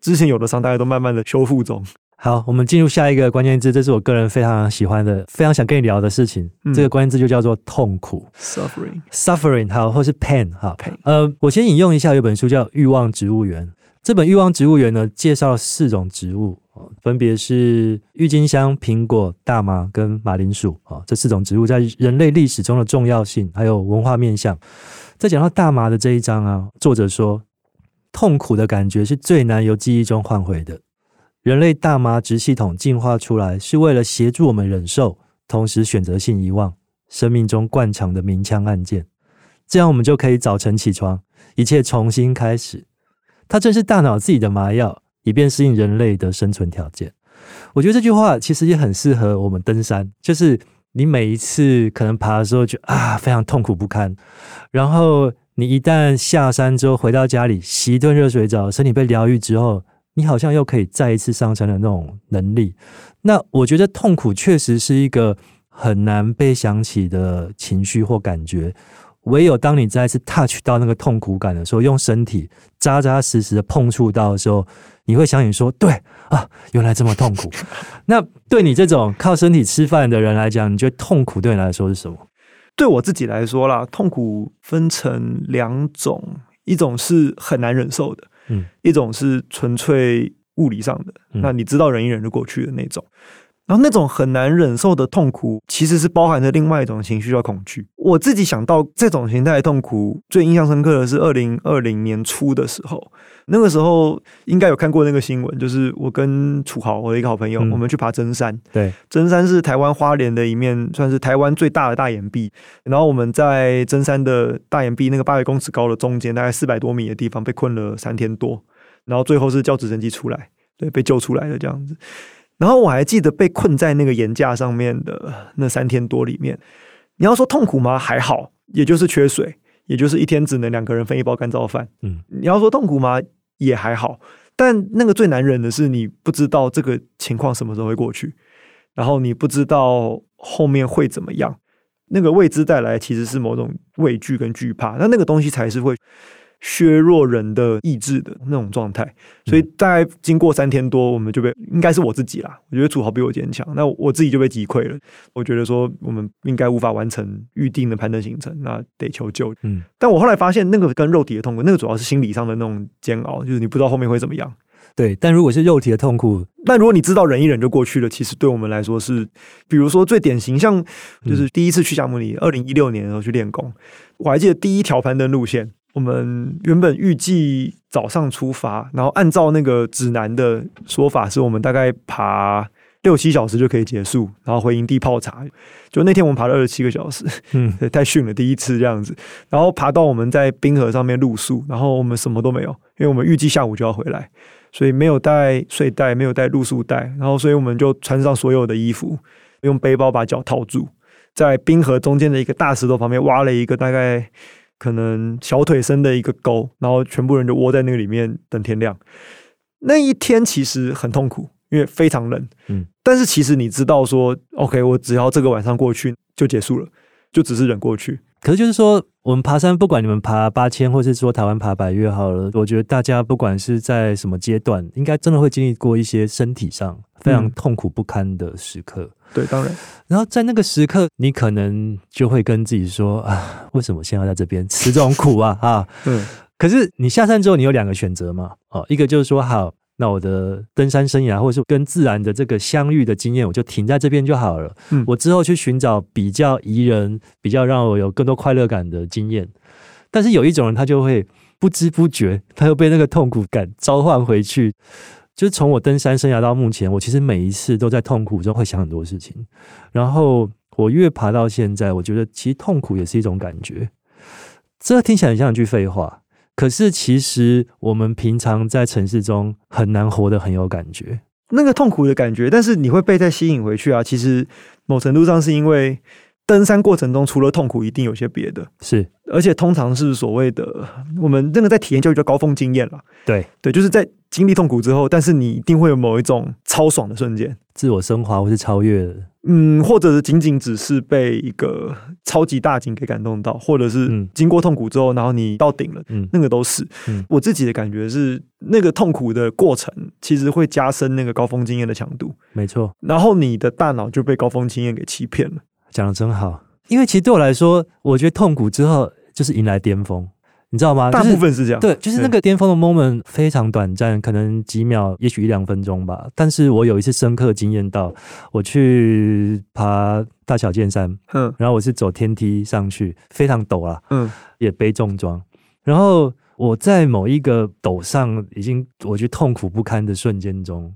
之前有的傷，大概都慢慢的修復中。好，我們進入下一個關鍵字，這是我個人非常喜歡的，非常想跟你聊的事情。嗯，這個關鍵字就叫做痛苦 （suffering）。suffering，好，或是 pain，哈。Pain. 呃，我先引用一下，有本書叫《欲望植物園》。這本《欲望植物園》呢，介紹了四種植物，哦，分別是鬱金香、蘋果、大麻跟馬鈴薯。啊，哦，這四種植物在人類歷史中的重要性，還有文化面向。在講到大麻的這一章啊，作者說，痛苦的感覺是最難由記憶中喚回的。人類大麻直系統進化出來，是為了協助我們忍受，同時選擇性遺忘生命中慣常的明槍暗箭，這樣我們就可以早晨起床，一切重新開始。它正是大腦自己的麻藥，以便適應人類的生存條件。我覺得這句話其實也很適合我們登山，就是你每一次可能爬的時候就，就啊非常痛苦不堪，然後你一旦下山之後，回到家裡洗一頓熱水澡，身體被療癒之後，你好像又可以再一次上升的那種能力。那我覺得痛苦確實是一個很難被想起的情緒或感覺。唯有當你再次 touch 到那個痛苦感的時候，用身體扎扎實實的碰觸到的時候，你會想起說：對啊，原來這麼痛苦。 那對你這種靠身體吃飯的人來講，你覺得痛苦對你來說是什麼？對我自己來說啦，痛苦分成兩種，一種是很難忍受的。嗯，一種是純粹物理上的，嗯，那你知道忍一忍就過去的那種，然後那種很難忍受的痛苦，其實是包含着另外一種情緒叫恐懼。我自己想到這種形態的痛苦，最印象深刻的是二零二零年初的時候。那個時候應該有看過那個新聞，就是我跟楚豪，我的一個好朋友，嗯、我們去爬針山。對，針山是台灣花蓮的一面，算是台灣最大的大岩壁。然後我們在針山的大岩壁那個八百公尺高的中間，大概四百多米的地方被困了三天多，然後最後是叫直升機出來，對，被救出來的這樣子。然後我還記得被困在那個岩架上面的那三天多裡面，你要說痛苦嗎？還好，也就是缺水。也就是一天只能兩個人分一包乾燥飯。嗯，你要說痛苦嗎？也還好。但那個最難忍的，是你不知道這個情況什麼時候會過去，然後你不知道後面會怎麼樣。那個未知帶來其實是某種畏懼跟懼怕，那那個東西才是會。削弱人的意志的那種狀態，所以大概經過三天多，我們就被、嗯、應該是我自己啦。我覺得土豪比我堅強，那我，我自己就被擊潰了。我覺得說我們應該無法完成預定的攀登行程，那得求救。嗯，但我後來發現，那個跟肉體的痛苦，那個主要是心理上的那種煎熬，就是你不知道後面會怎麼樣。對，但如果是肉體的痛苦，那如果你知道忍一忍就過去了，其實對我們來說是，比如說最典型，像就是第一次去夏慕尼，二零一六年的時候去練功、嗯，我還記得第一條攀登路線。我們原本預計早上出發，然後按照那個指南的說法，是我們大概爬六七小時就可以結束，然後回營地泡茶。就那天我們爬了二十七個小時，嗯，太遜了，第一次這樣子。然後爬到我們在冰河上面露宿，然後我們什麼都沒有，因為我們預計下午就要回來，所以沒有帶睡袋，沒有帶露宿袋，然後所以我們就穿上所有的衣服，用背包把腳套住，在冰河中間的一個大石頭旁邊挖了一個大概。可能小腿深的一個溝，然後全部人就窩在那個裡面等天亮。那一天其實很痛苦，因為非常冷。嗯，但是其實你知道說，OK，我只要這個晚上過去就結束了，就只是忍過去。可是就是說，我們爬山，不管你們爬八千，或者是說台灣爬百岳好了，我覺得大家不管是在什麼階段，應該真的會經歷過一些身體上非常痛苦不堪的時刻。嗯對，當然。然後在那個時刻，你可能就會跟自己說啊，為什麼我現在要在這邊吃這種苦啊？哈、啊，嗯。可是你下山之後，你有兩個選擇嘛，哦，一個就是說，好，那我的登山生涯，或者是跟自然的這個相遇的經驗，我就停在這邊就好了、嗯。我之後去尋找比較宜人、比較讓我有更多快樂感的經驗。但是有一種人，他就會不知不覺，他又被那個痛苦感召喚回去。就是從我登山生涯到目前，我其實每一次都在痛苦中會想很多事情。然後我越爬到現在，我覺得其實痛苦也是一種感覺。這聽起來很像一句廢話，可是其實我們平常在城市中很難活得很有感覺。那個痛苦的感覺，但是你會被它吸引回去啊。其實某程度上是因為登山過程中除了痛苦，一定有些別的。是，而且通常是所謂的我們那個在體驗教育叫高峰經驗了。對對，就是在。經歷痛苦之後，但是你一定會有某一種超爽的瞬間，自我升華或是超越的，嗯，或者是僅僅只是被一個超級大景給感動到，或者是經過痛苦之後，嗯、然後你到頂了，嗯，那個都是、嗯。我自己的感覺是，那個痛苦的過程其實會加深那個高峰經驗的強度，沒錯。然後你的大腦就被高峰經驗給欺騙了，講得真好。因為其實對我來說，我覺得痛苦之後就是迎來巔峰。你知道嗎？大部分是這樣，就是。對，就是那個巔峰的 moment 非常短暫，嗯，可能幾秒，也許一兩分鐘吧。但是我有一次深刻經驗到，我去爬大小劍山，嗯，然後我是走天梯上去，非常陡啊，嗯，也背重裝。然後我在某一個陡上已經我覺得痛苦不堪的瞬間中，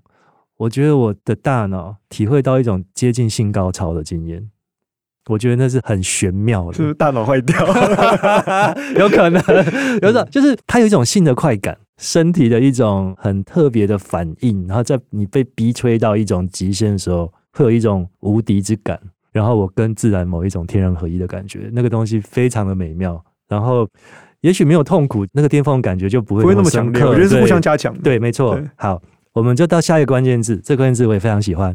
我覺得我的大腦體會到一種接近性高潮的經驗。我覺得那是很玄妙的，是不是大腦壞掉了， 有可能有種，就是它有一種性的快感，身體的一種很特別的反應，然後在你被逼吹到一種極限的時候，會有一種無敵之感，然後我跟自然某一種天人合一的感覺，那個東西非常的美妙，然後也許沒有痛苦，那個巔峰的感覺就不會那麼強烈，我覺得是互相加強，對，對，沒錯，好，我們就到下一個關鍵字，這個關鍵字我也非常喜歡。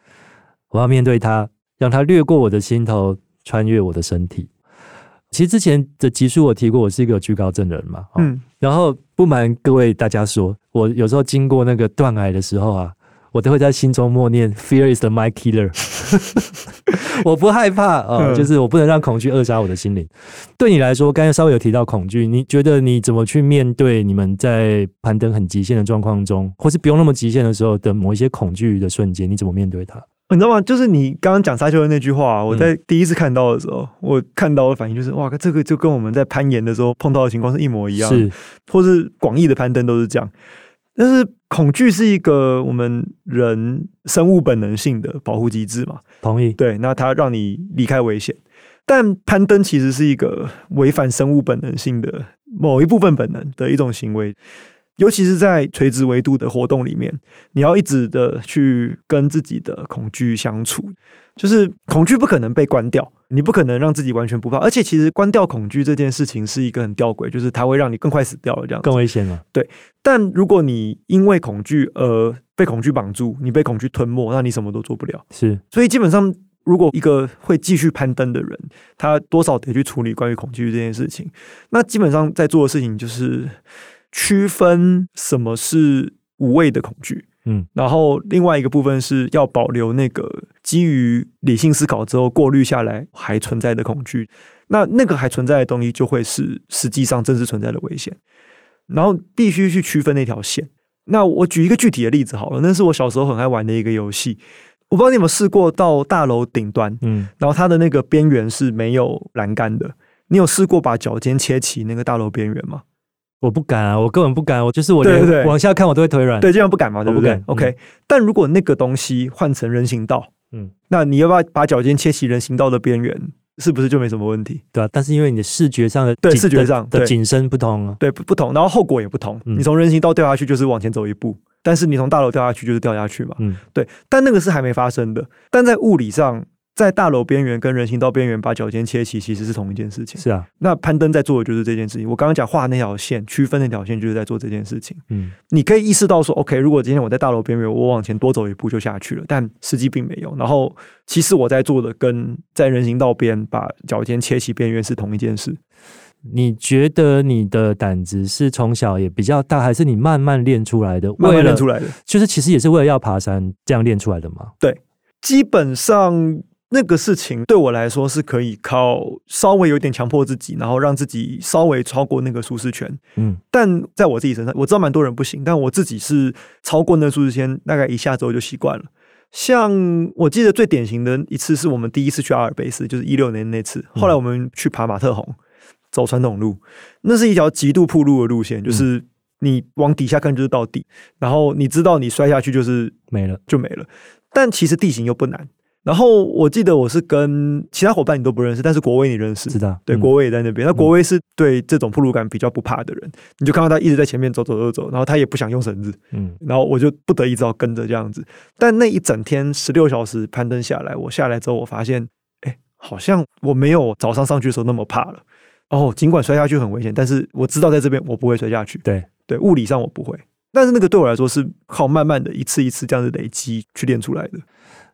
我要面對他，讓他掠過我的心頭，穿越我的身體。其實之前的集數我提過，我是一個有懼高症的人嘛、哦。嗯，然後不瞞各位大家說，我有時候經過那個斷崖的時候啊，我都會在心中默念 “Fear is the mind killer”。 我不害怕啊、哦嗯，就是我不能讓恐懼扼殺我的心靈。對你來說，剛才稍微有提到恐懼，你覺得你怎麼去面對？你們在攀登很極限的狀況中，或是不用那麼極限的時候的某一些恐懼的瞬間，你怎麼面對他？你知道嗎？就是你剛剛講沙丘的那句話，我在第一次看到的時候，嗯、我看到的反應就是：哇，這個就跟我們在攀岩的時候碰到的情況是一模一樣，或是廣義的攀登都是這樣。但是恐懼是一個我們人生物本能性的保護機制嘛。同意。對，那它讓你離開危險，但攀登其實是一個違反生物本能性的某一部分本能的一種行為。尤其是在垂直維度的活動裡面，你要一直的去跟自己的恐懼相處，就是恐懼不可能被關掉，你不可能讓自己完全不怕。而且，其實關掉恐懼這件事情是一個很吊詭，就是它會讓你更快死掉這樣，更危險了。對。但如果你因為恐懼而被恐懼綁住，你被恐懼吞沒，那你什麼都做不了。是。所以，基本上，如果一個會繼續攀登的人，他多少得去處理關於恐懼這件事情。那基本上在做的事情就是。區分什麼是無謂的恐懼，嗯，然後另外一個部分是要保留那個基於理性思考之後過濾下來還存在的恐懼，那那個還存在的東西就會是實際上真實存在的危險，然後必須去區分那條線。那我舉一個具體的例子好了，那是我小時候很愛玩的一個遊戲，我不知道你有沒有試過到大樓頂端，嗯，然後它的那個邊緣是沒有欄杆的，你有試過把腳尖切齊那個大樓邊緣嗎？我不敢啊，我根本不敢，啊，我就是我，對對對，往下看我都會腿軟，對對對，對，這樣不敢嘛，對不對，不敢、嗯、，OK，但如果那個東西換成人行道，嗯，那你要不要把腳尖切齊人行道的邊緣？是不是就沒什麼問題？對啊，但是因為你的視覺上的對視覺上對的，的景深不同，啊，對不不同，然後後果也不同。你從人行道掉下去就是往前走一步，嗯、但是你從大樓掉下去就是掉下去嘛、嗯，對。但那個是還沒發生的，但在物理上。在大樓邊緣跟人行道邊緣把腳尖切齊，其實是同一件事情。是啊，那攀登在做的就是這件事情。我剛剛講畫那條線，區分那條線就是在做這件事情。嗯，你可以意識到說，OK，如果今天我在大樓邊緣，我往前多走一步就下去了，但實際並沒有。然後，其實我在做的跟在人行道邊把腳尖切齊邊緣是同一件事。你覺得你的膽子是從小也比較大，還是你慢慢練出來的？為了慢慢練出來的，就是其實也是為了要爬山這樣練出來的嘛。對，基本上。那個事情對我來說是可以靠稍微有點強迫自己，然後讓自己稍微超過那個舒適圈。嗯，但在我自己身上，我知道蠻多人不行，但我自己是超過那個舒適圈，大概一下之後就習慣了。像我記得最典型的一次是我們第一次去阿爾卑斯，就是一六年那次。後來我們去爬馬特洪，走傳統路，那是一條極度曝露的路線，就是你往底下看就是到底，然後你知道你摔下去就是沒了，就沒了。但其實地形又不難。然後我記得我是跟其他夥伴，你都不認識，但是國威你認識，是的，對、嗯，國威也在那邊。那國威是對這種暴露感比較不怕的人、嗯，你就看到他一直在前面走走走走，然後他也不想用繩子，嗯，然後我就不得已只好跟着這樣子。但那一整天十六小時攀登下來，我下來之後，我發現，哎，好像我沒有早上上去的時候那麼怕了。哦，儘管摔下去很危險，但是我知道在這邊我不會摔下去，對對，物理上我不會，但是那個對我來說是靠慢慢的一次一次這樣子累積去練出來的。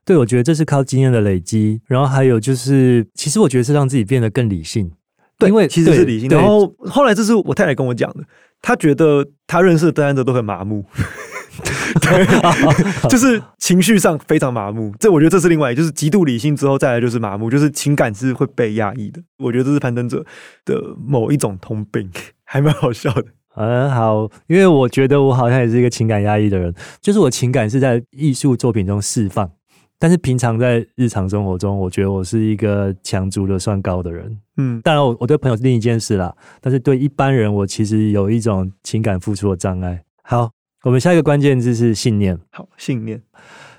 對，我覺得這是靠經驗的累積，然後還有就是，其實我覺得是讓自己變得更理性。對，因為其實是理性。然後後來這是我太太跟我講的，她覺得她認識的登山者都很麻木 對， 就是情緒上非常麻木。這我覺得這是另外一個，就是極度理性之後再來就是麻木，就是情感是會被壓抑的。我覺得這是攀登者的某一種通病，還蠻好笑的。很、嗯、好，因為我覺得我好像也是一個情感壓抑的人，就是我情感是在藝術作品中釋放。但是平常在日常生活中，我覺得我是一個強足的、算高的人。嗯，當然我，我我對朋友是另一件事啦。但是對一般人，我其實有一種情感付出的障礙。好，我們下一個關鍵字是信念。好，信念。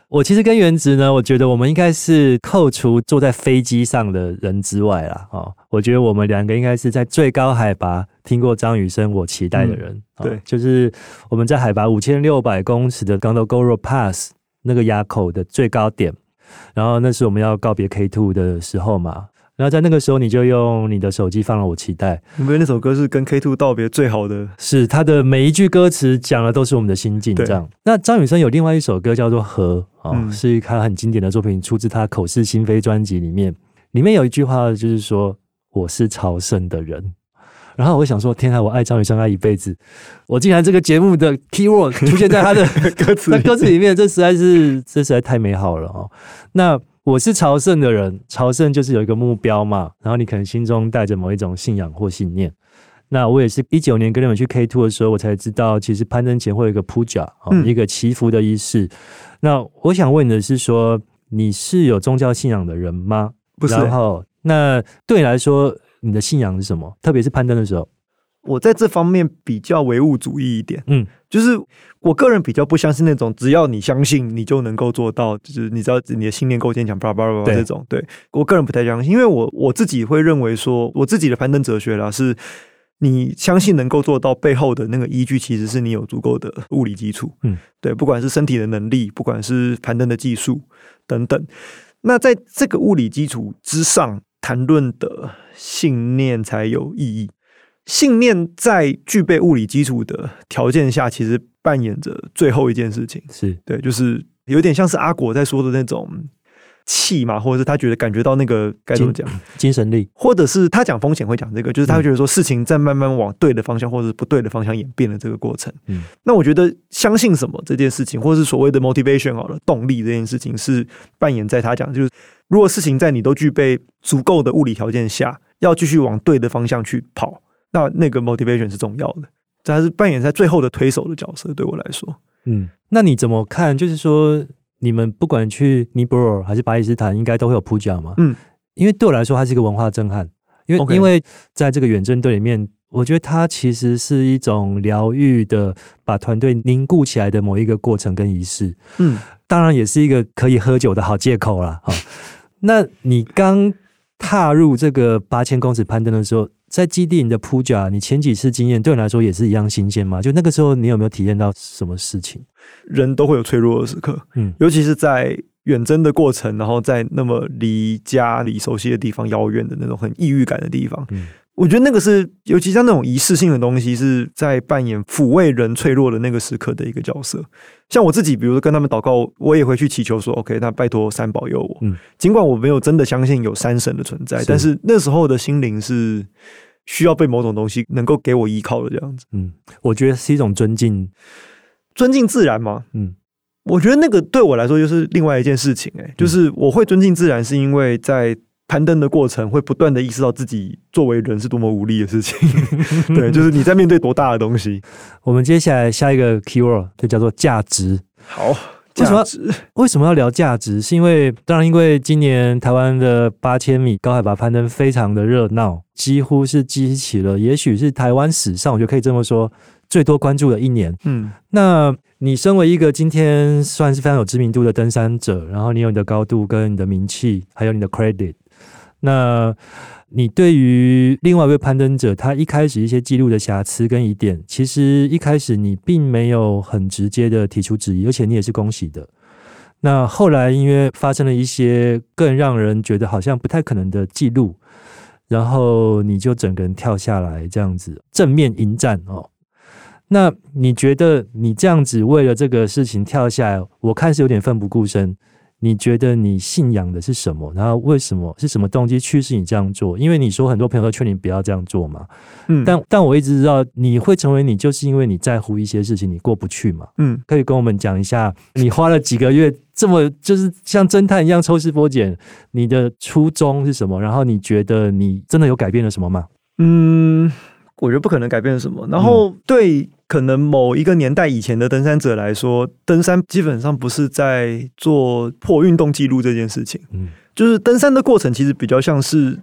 我其實跟元植呢，我覺得我們應該是扣除坐在飛機上的人之外啦。哦，我覺得我們兩個應該是在最高海拔聽過張雨生《我期待》的人。嗯、對、哦，就是我們在海拔五千六百公尺的 Gondogoro Pass。那個埡口的最高點，然後那是我們要告別 K Two 的時候嘛，然後在那個時候你就用你的手機放了《我期待》，因為那首歌是跟 K Two 道別最好的，是他的每一句歌詞講的都是我們的心境。這樣，那張雨生有另外一首歌叫做《和》，啊、哦嗯，是一他很經典的作品，出自他《口是心非》專輯裡面。裡面有一句話就是說：“我是朝聖的人。”然後我想說，天啊，我愛張雨生他一輩子。我竟然這個節目的 key word 出現在他的 歌詞，那歌詞裡面，這實在是，這實在太美好了哦。那我是朝聖的人，朝聖就是有一個目標嘛。然後你可能心中帶着某一種信仰或信念。那我也是一九年跟你們去 K Two 的時候，我才知道，其實攀登前會有一個普甲、嗯、一個祈福的儀式。那我想問的是說，說你是有宗教信仰的人嗎？不是。然後，那對你來說？你的信仰是什麼？特別是攀登的時候，我在這方面比較唯物主義一點。嗯，就是我個人比較不相信那種只要你相信你就能夠做到，就是你知道你的信念夠堅強，巴拉巴拉這種。對，我個人不太相信，因為我我自己會認為說，我自己的攀登哲學啦，是你相信能夠做到背後的那個依據，其實是你有足夠的物理基礎。嗯，對，不管是身體的能力，不管是攀登的技術等等，那在這個物理基礎之上。談論的信念才有意義。信念在具備物理基礎的條件下，其實扮演着最後一件事情。是對，就是有點像是阿果在說的那種氣嘛，或者是他覺得感覺到那個該怎麼講精，精神力，或者是他講風險會講這個，就是他會覺得說事情在慢慢往對的方向或者是不對的方向演變的這個過程。嗯，那我覺得相信什麼這件事情，或者是所謂的 motivation 好了動力這件事情，是扮演在他講就是。如果事情在你都具備足夠的物理條件下，要繼續往對的方向去跑，那那個 motivation 是重要的，這還是扮演在最後的推手的角色。對我來說，嗯，那你怎麼看？就是說，你們不管去尼泊爾還是巴基斯坦，應該都會有普迦嗎？嗯，因為對我來說，它是一個文化震撼。因為、okay. 因為在這個遠征隊裡面，我覺得它其實是一種療癒的，把團隊凝固起來的某一個過程跟儀式。嗯，當然也是一個可以喝酒的好借口啦。哈。 那你剛踏入這個八千公尺攀登的時候，在基地你的鋪腳，你前幾次經驗對你來說也是一樣新鮮嗎？就那個時候，你有沒有體驗到什麼事情？人都會有脆弱的時刻，嗯，尤其是在遠征的過程，然後在那麼離家、離熟悉的地方遙遠的那種很抑鬱感的地方，嗯。我覺得那個是，尤其像那種儀式性的東西，是在扮演撫慰人脆弱的那個時刻的一個角色。像我自己，比如說跟他們禱告，我也會去祈求說：“OK，那拜托山保佑我。嗯”儘管我沒有真的相信有山神的存在，是但是那時候的心靈是需要被某種東西能夠給我依靠的這樣子，嗯。我覺得是一種尊敬，尊敬自然嘛，嗯。我覺得那個對我來說就是另外一件事情，欸。就是我會尊敬自然，是因為在。攀登的過程會不斷的意識到自己作為人是多麼無力的事情 對，就是你在面對多大的東西。 我們接下來下一個 keyword 就叫做價值。好，價值為什麼要， 為什麼要聊價值？是因為當然因為今年台灣的八千米高海拔攀登非常的熱鬧，幾乎是激起了，也許是台灣史上我就可以這麼說最多關注的一年。嗯，那你身為一個今天算是非常有知名度的登山者，然後你有你的高度跟你的名氣，還有你的 credit。那你對於另外一位攀登者，他一開始一些記錄的瑕疵跟疑點，其實一開始你並沒有很直接的提出質疑，而且你也是恭喜的。那後來因為發生了一些更讓人覺得好像不太可能的記錄，然後你就整個人跳下來這樣子正面迎戰哦。那你覺得你這樣子為了這個事情跳下來，我看是有點奮不顧身。你覺得你信仰的是什麼？然後為什麼是什麼動機驅使你這樣做？因為你說很多朋友都勸你不要這樣做嘛。嗯，但但我一直知道你會成為你，就是因為你在乎一些事情，你過不去嘛。嗯，可以跟我們講一下，你花了幾個月這麼就是像偵探一樣抽絲剝繭，你的初衷是什麼？然後你覺得你真的有改變了什麼嗎？嗯，我覺得不可能改變了什麼。然後對，嗯。可能某一個年代以前的登山者來說，登山基本上不是在做破運動記錄這件事情。嗯，就是登山的過程其實比較像是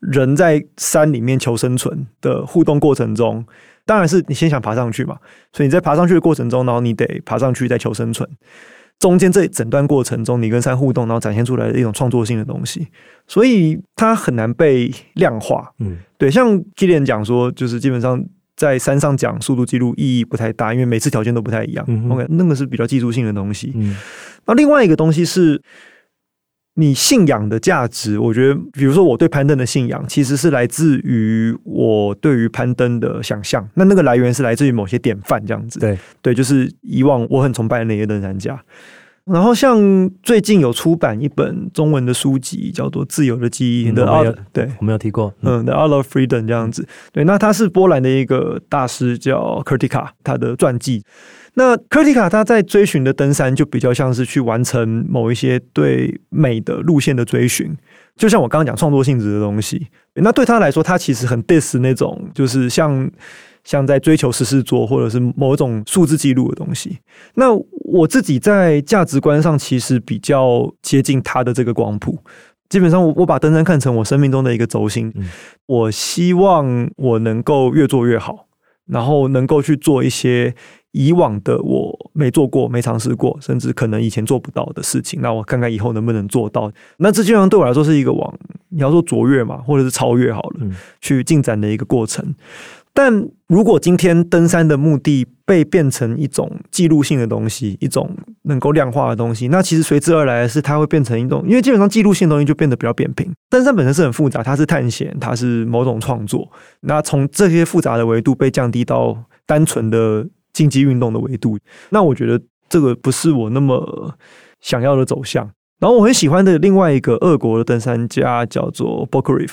人在山裡面求生存的互動過程中，當然是你先想爬上去嘛，所以你在爬上去的過程中，然後你得爬上去再求生存，中間這整段過程中，你跟山互動，然後展現出來的一種創作性的東西，所以它很難被量化。嗯，對，像 Kilian 講說，就是基本上。在山上講速度記錄意義不太大，因為每次條件都不太一樣，嗯。OK，那個是比較技術性的東西，嗯。那另外一個東西是你信仰的價值，我覺得，比如說我對攀登的信仰，其實是來自於我對於攀登的想象。那那個來源是來自於某些典範，這樣子。對，對就是以往我很崇拜的那些登山家。然後像最近有出版一本中文的書籍，叫做《自由的記憶、嗯》的，對，我沒有提過，嗯，嗯，The Art of Freedom 這樣子、嗯，對，那他是波蘭的一個大師叫 Kurtyka 他的傳記。那 Kurtyka 他在追尋的登山，就比較像是去完成某一些對美的路線的追尋，就像我剛剛講創作性質的東西。那對他來說，他其實很 dis 那種，就是像。像在追求十四座，或者是某一種數字記錄的東西。那我自己在價值觀上其實比較接近他的這個光譜。基本上，我把登山看成我生命中的一個軸心、嗯。我希望我能夠越做越好，然後能夠去做一些以往的我沒做過、沒嘗試過，甚至可能以前做不到的事情。那我看看以後能不能做到。那這基本上對我來說是一個往你要說卓越嘛，或者是超越好了，嗯、去進展的一個過程。但如果今天登山的目的被變成一種記錄性的東西，一種能夠量化的東西，那其實隨之而來的是，它會變成一種，因為基本上記錄性的東西就變得比較扁平。登山本身是很複雜，它是探險，它是某種創作。那從這些複雜的維度被降低到單純的競技運動的維度，那我覺得這個不是我那麼想要的走向。然後我很喜歡的另外一個俄國的登山家叫做 Boukreev。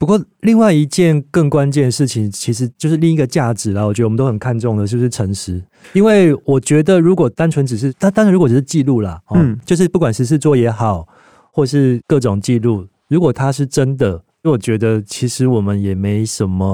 不過，另外一件更關鍵的事情，其實就是另一個價值啦。我覺得我們都很看重的，就是，是誠實。因為我覺得，如果單純只是……但當然，如果只是記錄啦，嗯、哦、就是不管十四座也好，或是各種記錄，如果他是真的，因為我覺得其實我們也沒什麼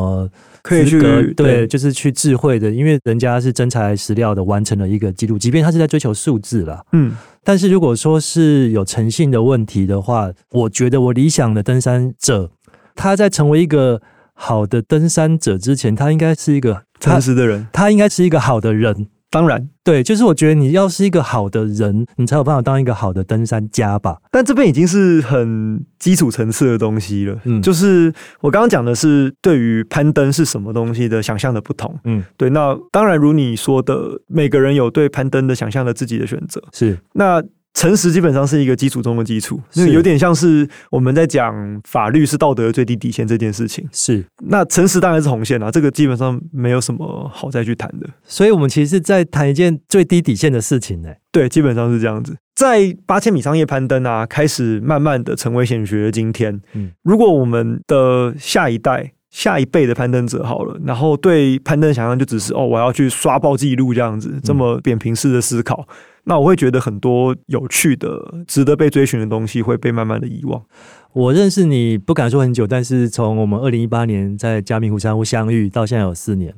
資格可以去對，對，就是去智慧的，因為人家是真材實料的完成了一個記錄。即便他是在追求數字啦。嗯，但是如果說是有誠信的問題的話，我覺得我理想的登山者。他在成為一個好的登山者之前，他應該是一個誠實的人。他應該是一個好的人，當然，對，就是我覺得你要是一個好的人，你才有辦法當一個好的登山家吧。但這邊已經是很基礎層次的東西了。嗯，就是我剛剛講的是對於攀登是什麼東西的想象的不同。嗯，對。那當然，如你說的，每個人有對攀登的想象的自己的選擇。是。那誠實基本上是一個基礎中的基礎，那有點像是我們在講法律是道德的最低底線這件事情。是，那誠實當然是紅線啦，啊、這個基本上沒有什麼好再去談的。所以我們其實在談一件最低底線的事情呢，欸。對，基本上是這樣子，在八千米商業攀登啊，開始慢慢的成為顯學的今天，如果我們的下一代，下一輩的攀登者好了，然後對攀登想象就只是哦，我要去刷爆記錄這樣子，這麼扁平式的思考。嗯、那我會覺得很多有趣的、值得被追尋的東西會被慢慢的遺忘。我認識你不敢說很久，但是從我們二零一八年在嘉明湖山湖相遇到現在有四年，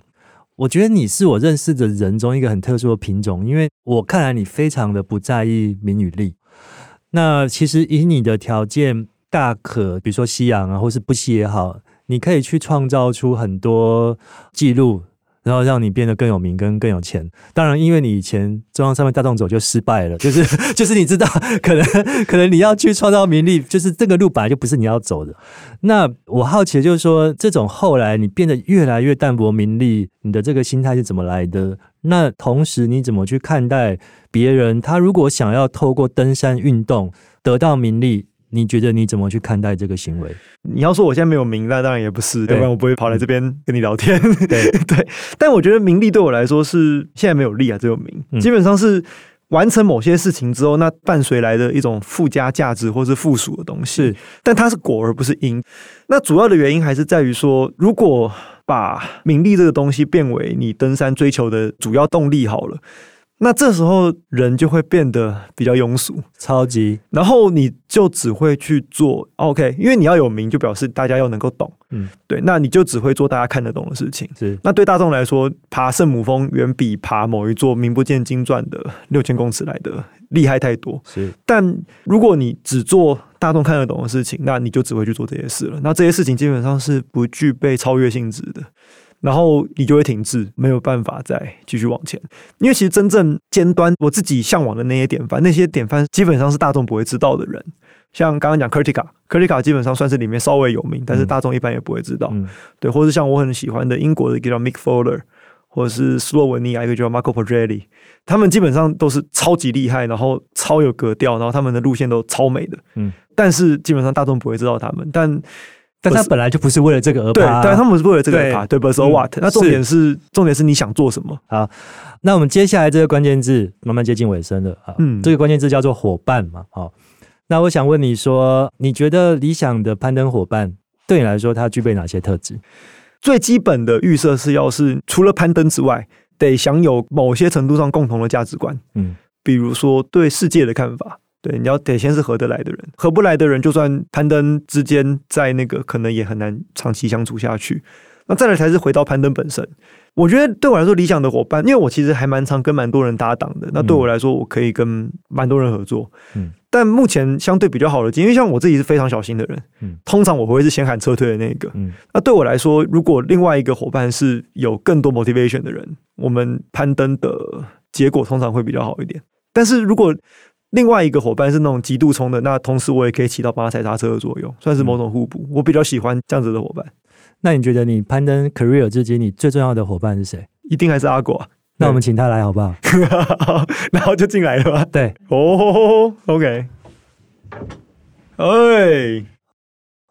我覺得你是我認識的人中一個很特殊的品種，因為我看來你非常的不在意名與利。那其實以你的條件，大可比如說吸氧啊，或是不吸也好。你可以去創造出很多記錄，然後讓你變得更有名、跟更有錢。當然，因為你以前中央山脈大縱走就失敗了，就是就是你知道，可能可能你要去創造名利，就是這個路本來就不是你要走的。那我好奇就是說，這種後來你變得越來越淡泊名利，你的這個心態是怎麼來的？那同時你怎麼去看待別人？他如果想要透過登山運動得到名利？你覺得你怎麼去看待這個行為？你要說我現在沒有名，那當然也不是，要不然我不會跑來這邊跟你聊天。對 對，但我覺得名利對我來說是現在沒有利啊，只有名。嗯、基本上是完成某些事情之後，那伴隨來的一種附加價值或是附屬的東西。是，但它是果而不是因。那主要的原因還是在於說，如果把名利這個東西變為你登山追求的主要動力，好了。那這時候人就會變得比較庸俗，超級。然後你就只會去做 OK，因為你要有名，就表示大家要能夠懂，嗯，對。那你就只會做大家看得懂的事情。是。那對大眾來說，爬聖母峰遠比爬某一座名不見經傳的六千公尺來的厲害太多。是。但如果你只做大眾看得懂的事情，那你就只會去做這些事了。那這些事情基本上是不具備超越性質的。然後你就會停滯，沒有辦法再繼續往前，因為其實真正尖端，我自己向往的那些典範，那些典範基本上是大眾不會知道的人。像剛剛講 Kurtica，Kurtica 基本上算是裡面稍微有名，但是大眾一般也不會知道。嗯、對，或者像我很喜歡的英國的、嗯、一個叫 m i c f u l e r 或者是斯洛文尼亞一個叫 Marco p e r e l l i，他們基本上都是超級厲害，然後超有格調，然後他們的路線都超美的。嗯、但是基本上大眾不會知道他們，但。但他本來就不是為了這個而爬。啊，對，對，他們不是為了這個而爬，對，對，不是。What？、嗯、那重點是，是重點是你想做什麼啊？那我們接下來這個關鍵字慢慢接近尾聲了啊。嗯、哦，這個關鍵字叫做夥伴嘛。好，那我想問你說，你覺得理想的攀登夥伴對你來說，他具備哪些特質？最基本的預設是要是除了攀登之外，得享有某些程度上共同的價值觀。嗯，比如說對世界的看法、嗯。對，你要得先是合得來的人，合不來的人，就算攀登之間在那個可能也很難長期相處下去。那再來才是回到攀登本身。我覺得對我來說理想的夥伴，因為我其實還蠻常跟蠻多人搭檔的。那對我來說，我可以跟蠻多人合作。嗯。但目前相對比較好的，因為像我自己是非常小心的人，通常我會是先喊撤退的那個。那對我來說，如果另外一個夥伴是有更多 motivation 的人，我們攀登的結果通常會比較好一點。但是如果另外一個夥伴是那種極度衝的，那同時我也可以起到幫他踩剎車的作用，算是某種互補。我比較喜歡這樣子的夥伴。嗯、那你覺得你攀登 career 之間你最重要的夥伴是誰？一定還是阿果。那我們請他來好不好？ 然後就進來了。對，哦、oh,，OK，哎、hey。.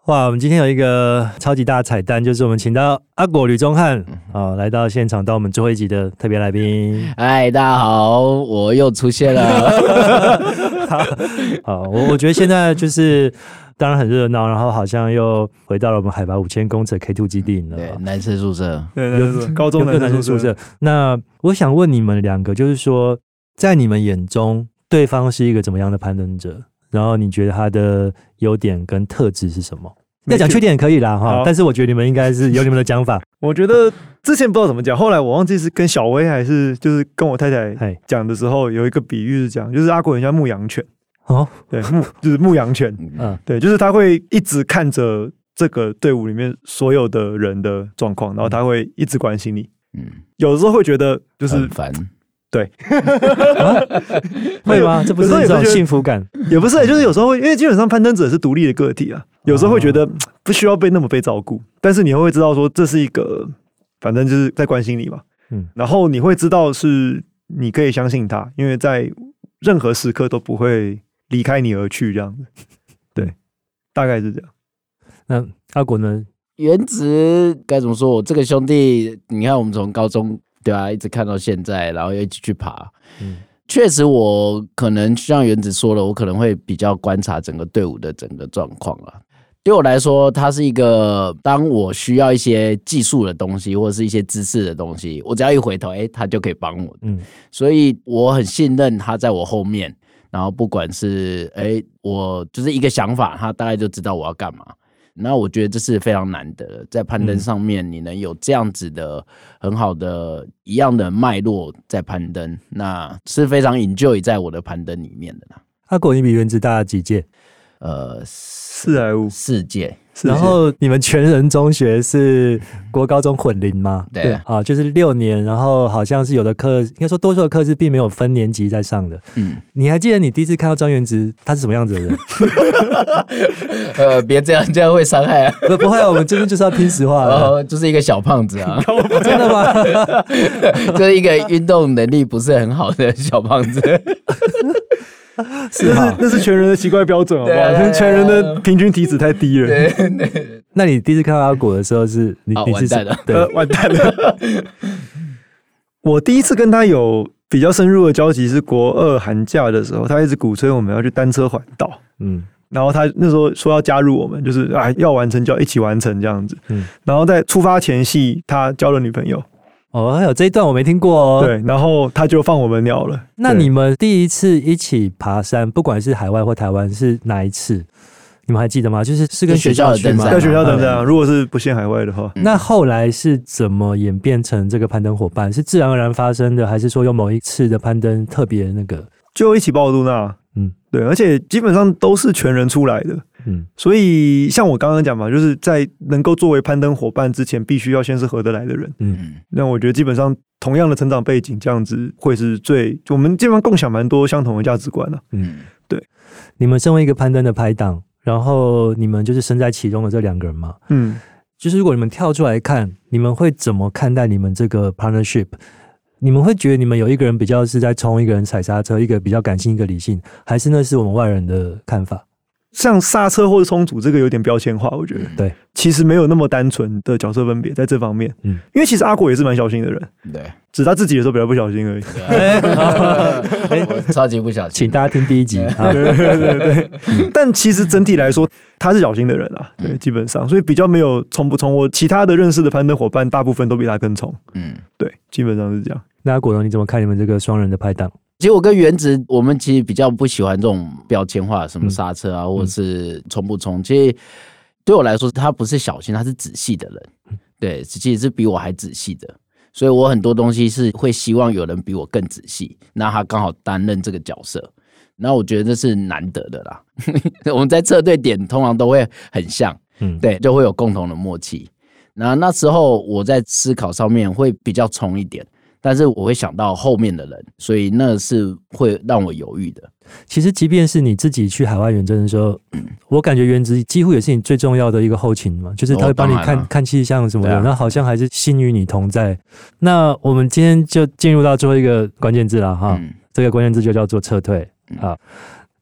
哇，我們今天有一個超級大彩蛋，就是我們請到阿果呂忠翰啊，來到現場，到我們最後一集的特別來賓。嗨，大家好，我又出現了。 好，我我覺得現在就是 當然很熱鬧，然後好像又回到了我們海拔五千公尺的 K Two 基地、嗯、對男生宿舍，對對，高中的男生宿， 宿舍。那我想問你們兩個，就是說，在你們眼中，對方是一個怎麼樣的攀登者？然後你覺得他的優點跟特質是什麼？要講缺點也可以啦，哈！但是我覺得你們應該是有你們的講法。 我覺得之前不知道怎麼講，後來我忘記是跟小薇還是就是跟我太太講的時候，有一個比喻是講，就是阿國人叫牧羊犬哦，對，牧就是牧羊犬， 嗯，對，就是他會一直看着這個隊伍裡面所有的人的狀況，然後他會一直關心你，嗯，有時候會覺得就是煩。對 啊，會嗎？這不是一種幸福感， 也不是，就是有時候因為基本上攀登者是獨立的個體啊，有時候會覺得不需要被那麼被照顧，但是你會知道說這是一個，反正就是在關心你嘛，嗯，然後你會知道是你可以相信他，因為在任何時刻都不會離開你而去這樣的，對，大概是這樣。那阿果呢？元植該怎麼說？我這個兄弟，你看我們從高中。對啊，一直看到現在，然後又繼續爬。嗯。確實，我可能像元植說了，我可能會比較觀察整個隊伍的整個狀況啊。對我來說，他是一個，當我需要一些技術的東西或者是一些知識的東西，我只要一回頭，哎，他就可以幫我。嗯，所以我很信任他在我後面，然後不管是，哎，我就是一個想法，他大概就知道我要幹嘛。那我覺得這是非常難得的，在攀登上面你能有這樣子的、嗯、很好的一樣的脈絡在攀登，那是非常 enjoy 在我的攀登裡面的啦。阿、啊、果你比原子大了幾屆？呃，四百五，四屆。四屆然後你們全人中學是國高中混齡嗎？對啊，就是六年，然後好像是有的課應該說多數的課是並沒有分年級在上的。嗯，你還記得你第一次看到張元植，他是什麼樣子的人？ 呃，別這樣，這樣會傷害、啊 不。不不，啊，我們真的、就是、就是要聽實話了、 哦，就是一個小胖子啊， 真的嗎？ 就是一個運動能力不是很好的小胖子。 那是、啊、 那是全人的奇怪標準，好不好啊？全人的平均體脂太低了。那你第一次看到阿果的時候是，是你、哦、你完蛋了，對，呃、完蛋了。 我第一次跟他有比較深入的交集是國二寒假的時候，他一直鼓吹我們要去單車環島，嗯，然後他那時候說要加入我們，就是啊要完成就要一起完成這樣子，嗯，然後在出發前夕，他交了女朋友。哦，還有這一段我沒聽過。哦。對，然後他就放我們鳥了。那你們第一次一起爬山，不管是海外或台灣，是哪一次？你們還記得嗎？就是是跟學校去嗎？跟學校的登山、嗯。如果是不限海外的話、嗯，那後來是怎麼演變成這個攀登夥伴？是自然而然發生的，還是說有某一次的攀登特別那個？就一起暴露娜。嗯，對，而且基本上都是全人出來的。嗯，所以像我剛剛講嘛，就是在能夠作為攀登伙伴之前，必須要先是合得來的人。嗯，那我覺得基本上同樣的成長背景，這樣子會是最。我們基本上共享蠻多相同的價值觀的。嗯，對。你們身為一個攀登的拍檔，然後你們就是身在其中的這兩個人嘛。嗯，就是如果你們跳出來看，你們會怎麼看待你們這個 partnership？你們會覺得你們有一個人比較是在衝，一個人踩剎車，一個比較感性，一個理性，還是那是我們外人的看法？像剎車或者衝組這個有點標籤化，我覺得。對，其實沒有那麼單純的角色分別在這方面。嗯，因為其實阿果也是蠻小心的人。對，只是他自己有時候比較不小心而已。哈哈超級不小心，請大家聽第一集。 對對對，對。但其實整體來說，他是小心的人啊。對，基本上，所以比較沒有衝不衝。我其他的認識的攀登夥伴，大部分都比他更衝。嗯，對，基本上是這樣。那阿果呢？你怎麼看你們這個雙人的拍檔？其實我跟元植，我們其實比較不喜歡這種標籤化，什麼剎車啊，或者是衝不衝？其實對我來說，他不是小心，他是仔細的人，對，其實是比我還仔細的。所以我很多東西是會希望有人比我更仔細，那他剛好擔任這個角色，那我覺得這是難得的啦。 我們在車隊點通常都會很像，對，就會有共同的默契。那那時候我在思考上面會比較衝一點。但是我會想到後面的人，所以那是會讓我猶豫的。其實，即便是你自己去海外遠征的時候、嗯，我感覺元植幾乎也是你最重要的一個後勤嘛，就是他會幫你看、哦啊、看氣象什麼的。那、嗯、好像還是心與你同在、嗯。那我們今天就進入到最後一個關鍵字了哈、嗯，這個關鍵字就叫做撤退。好、嗯啊，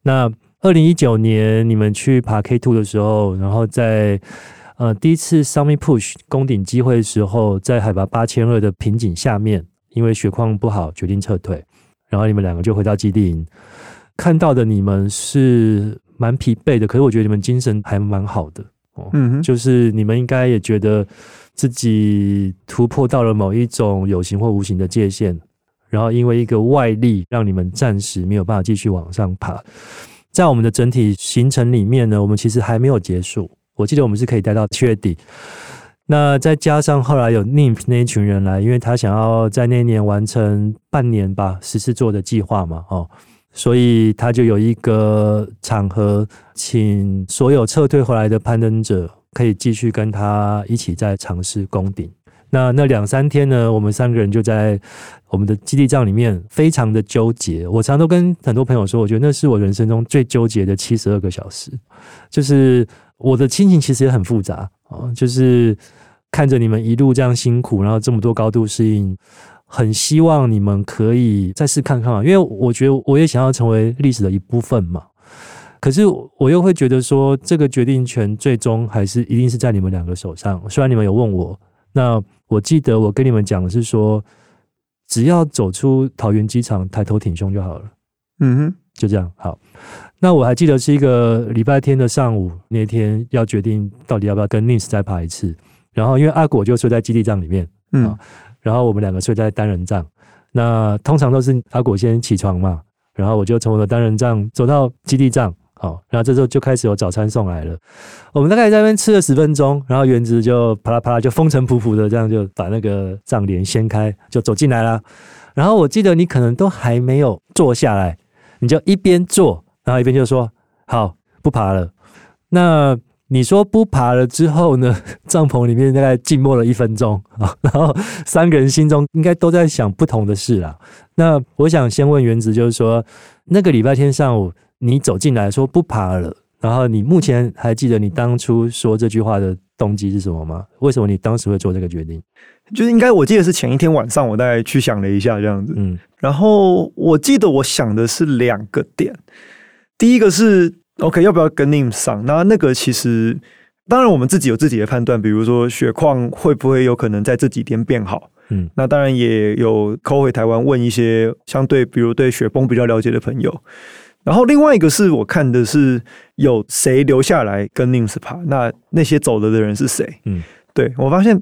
那二零一九年你們去爬 K Two 的時候，然後在呃第一次 Summit Push 攻頂機會的時候，在海拔八千二的瓶頸下面。因為雪況不好，決定撤退，然後你們兩個就回到基地營，看到的你們是蠻疲憊的，可是我覺得你們精神還蠻好的，嗯，就是你們應該也覺得自己突破到了某一種有形或無形的界限，然後因為一個外力讓你們暫時沒有辦法繼續往上爬，在我們的整體行程裡面呢，我們其實還沒有結束，我記得我們是可以待到七月底。那再加上後來有 Nims 那一群人來，因為他想要在那一年完成半年吧十四座的計劃嘛，哦，所以他就有一個場合，請所有撤退回來的攀登者可以繼續跟他一起再嘗試攻頂。那那兩三天呢，我們三個人就在我們的基地帳裡面非常的糾結。我常都跟很多朋友說，我覺得那是我人生中最糾結的七十二個小時，就是。我的心情其實也很複雜、呃、就是看着你們一路這樣辛苦，然後這麼多高度適應，很希望你們可以再試看看嘛、啊。因為我覺得我也想要成為歷史的一部分嘛。可是我又會覺得說，這個決定權最終還是一定是在你們兩個手上。雖然你們有問我，那我記得我跟你們講的是說，只要走出桃園機場，抬頭挺胸就好了。嗯哼，就這樣，好。那我還記得是一個禮拜天的上午，那天要決定到底要不要跟 Nish 再爬一次。然後因為阿果就睡在基地帳裡面，嗯，然後我們兩個睡在單人帳。那通常都是阿果先起床嘛，然後我就從我的單人帳走到基地帳，好，然後這時候就開始有早餐送來了。我們大概在那邊吃了十分鐘，然後元植就啪啦啪啦就風塵僕僕的這樣就把那個帳簾掀開，就走進來了。然後我記得你可能都還沒有坐下來，你就一邊坐。然後一邊就說：“好，不爬了。”那你說不爬了之後呢？帳篷裡面大概靜默了一分鐘啊。然後三個人心中應該都在想不同的事啦。那我想先問元植，就是說，那個禮拜天上午你走進來說不爬了，然後你目前還記得你當初說這句話的動機是什麼嗎？為什麼你當時會做這個決定？就是應該我記得是前一天晚上，我大概去想了一下這樣子。嗯，然後我記得我想的是兩個點。第一個是 OK，要不要跟 NIM 上？那那個其實當然我們自己有自己的判斷，比如說雪況會不會有可能在這幾天變好？嗯，那當然也有 call 回台灣問一些相對比如對雪崩比較了解的朋友。然後另外一個是我看的是有誰留下來跟 NIM 爬，那那些走了的的人是誰？嗯，對，我發現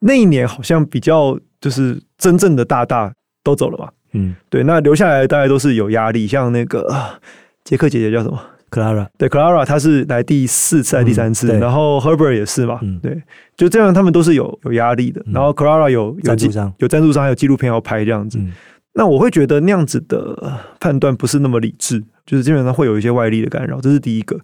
那一年好像比較就是真正的大大都走了吧？嗯，對，那留下來的大概都是有壓力，像那個。杰克姐姐叫什麼？Clara。對，Clara，她是來第四次還是、嗯、第三次？然後 Herbert 也是嘛。嗯、對，就這樣，他們都是有有壓力的、嗯。然後 Clara 有有贊助商，有贊助商還有紀錄片要拍這樣子、嗯。那我會覺得那樣子的判斷不是那麼理智，就是基本上會有一些外力的干擾，這是第一個。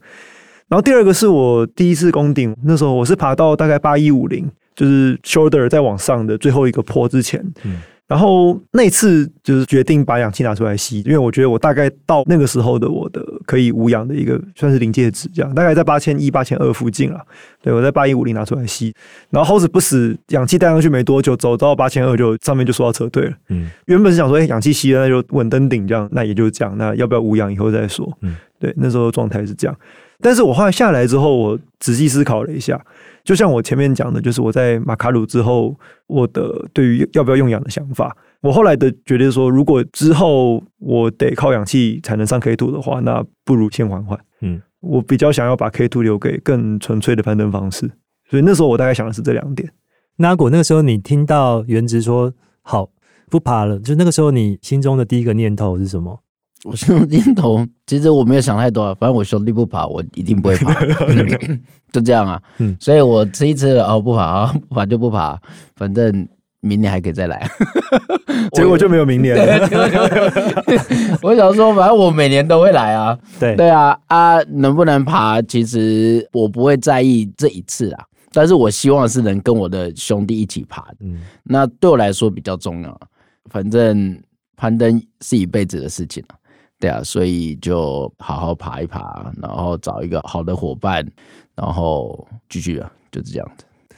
然後第二個是我第一次攻頂那時候，我是爬到大概八一五零，就是 Shoulder 再往上的最後一個坡之前。嗯嗯然後那次就是決定把氧氣拿出來吸，因為我覺得我大概到那個時候的我的可以無氧的一個算是臨界值這樣，大概在八千一八千二附近了。對，我在八一五零拿出來吸，然後猴子不死，氧氣帶上去沒多久，走到八千二就上面就說要撤退了。嗯，原本是想說，誒，氧氣吸了那就穩登頂這樣，那也就是這樣，那要不要無氧以後再說？嗯，對，那時候狀態是這樣。但是我畫下來之後，我仔細思考了一下，就像我前面講的，就是我在馬卡魯之後，我的對於要不要用氧的想法，我後來的決定說，如果之後我得靠氧氣才能上 K Two 的話，那不如先緩緩。嗯，我比較想要把 K Two 留給更純粹的攀登方式，所以那時候我大概想的是這兩點。那阿果，那個時候你聽到元植說好，不爬了，就那個時候你心中的第一個念頭是什麼？我用弟同，其實我沒有想太多、啊，反正我兄弟不爬，我一定不會爬， 就這樣啊。所以我這一次哦不爬啊，哦、不爬就不爬，反正明年還可以再來。 結果就沒有明年了 結果結果。我想說，反正我每年都會來啊。對，對啊啊，能不能爬，其實我不會在意這一次啊，但是我希望是能跟我的兄弟一起爬的，嗯，那對我來說比較重要。反正攀登是一輩子的事情啊。對啊，所以就好好爬一爬，然後找一個好的夥伴，然後繼續啊，就是這樣的。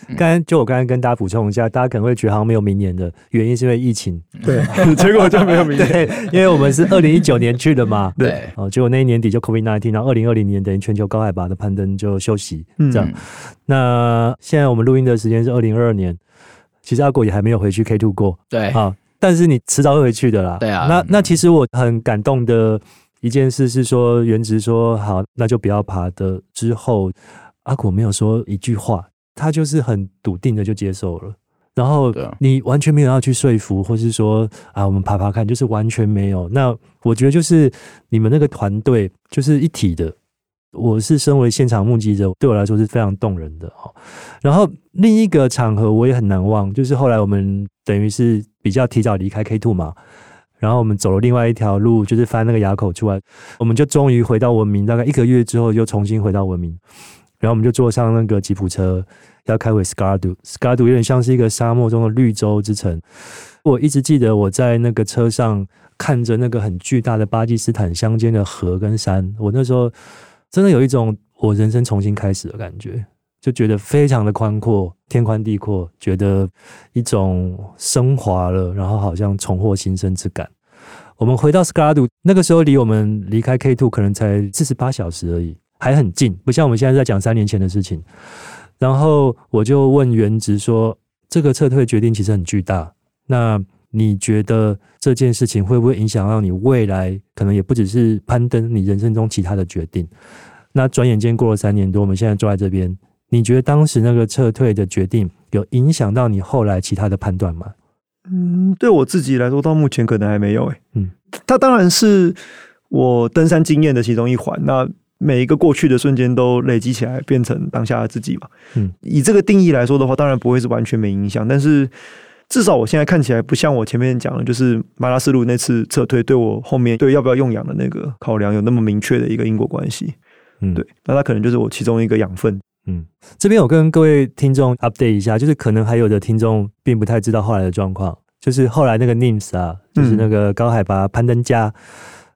嗯、剛剛就我剛剛跟大家補充一下，大家可能會覺得好像沒有明年的原因是因為疫情， 對， 結果就沒有明年，因為我們是二零一九年去的嘛，對，對，哦，結果那一年底就 COVID nineteen，然後二零二零年等於全球高海拔的攀登就休息，嗯、這樣。那現在我們錄音的時間是二零二二年，其實阿果也還沒有回去 K two 過，對，啊、哦。但是你遲早會回去的啦。對啊，那那其實我很感動的一件事是說，元植說好，那就不要爬的之後，阿果沒有說一句話，他就是很篤定的就接受了。然後你完全沒有要去說服，或是說啊，我們爬爬看，就是完全沒有。那我覺得就是你們那個團隊就是一體的。我是身為現場目擊者，對我來說是非常動人的哈。然後另一個場合我也很難忘，就是後來我們等於是比較提早離開 K2 嘛，然後我們走了另外一條路，就是翻那個埡口出來，我們就終於回到文明。大概一個月之後又重新回到文明，然後我們就坐上那個吉普車，要開回 Skardu。Skardu 有點像是一個沙漠中的綠洲之城。我一直記得我在那個車上看着那個很巨大的巴基斯坦鄉間的河跟山，我那時候。真的有一種我人生重新開始的感覺，就覺得非常的寬闊，天寬地闊，覺得一種升華了，然後好像重獲新生之感。我們回到斯卡杜，那個時候離我們離開 K Two 可能才四十八小時而已，還很近，不像我們現在在講三年前的事情。然後我就問元植說：“這個撤退決定其實很巨大，那你覺得？”這件事情會不會影響到你未來？可能也不只是攀登，你人生中其他的決定。那轉眼間過了三年多，我們現在坐在這邊，你覺得當時那個撤退的決定有影響到你後來其他的判斷嗎？嗯，對我自己來說，到目前可能還沒有。哎，嗯，它當然是我登山經驗的其中一環。那每一個過去的瞬間都累積起來，變成當下的自己嘛。嗯，以這個定義來說的話，當然不會是完全沒影響，但是。至少我現在看起來不像我前面講的，就是馬拉斯路那次撤退對我後面對要不要用氧的那個考量，有那麼明確的一個因果關係。嗯，對，那他可能就是我其中一個養分。嗯，這邊我跟各位聽眾 update 一下，就是可能還有的聽眾並不太知道後來的狀況，就是後來那個 Nims 啊，就是那個高海拔攀登家，嗯、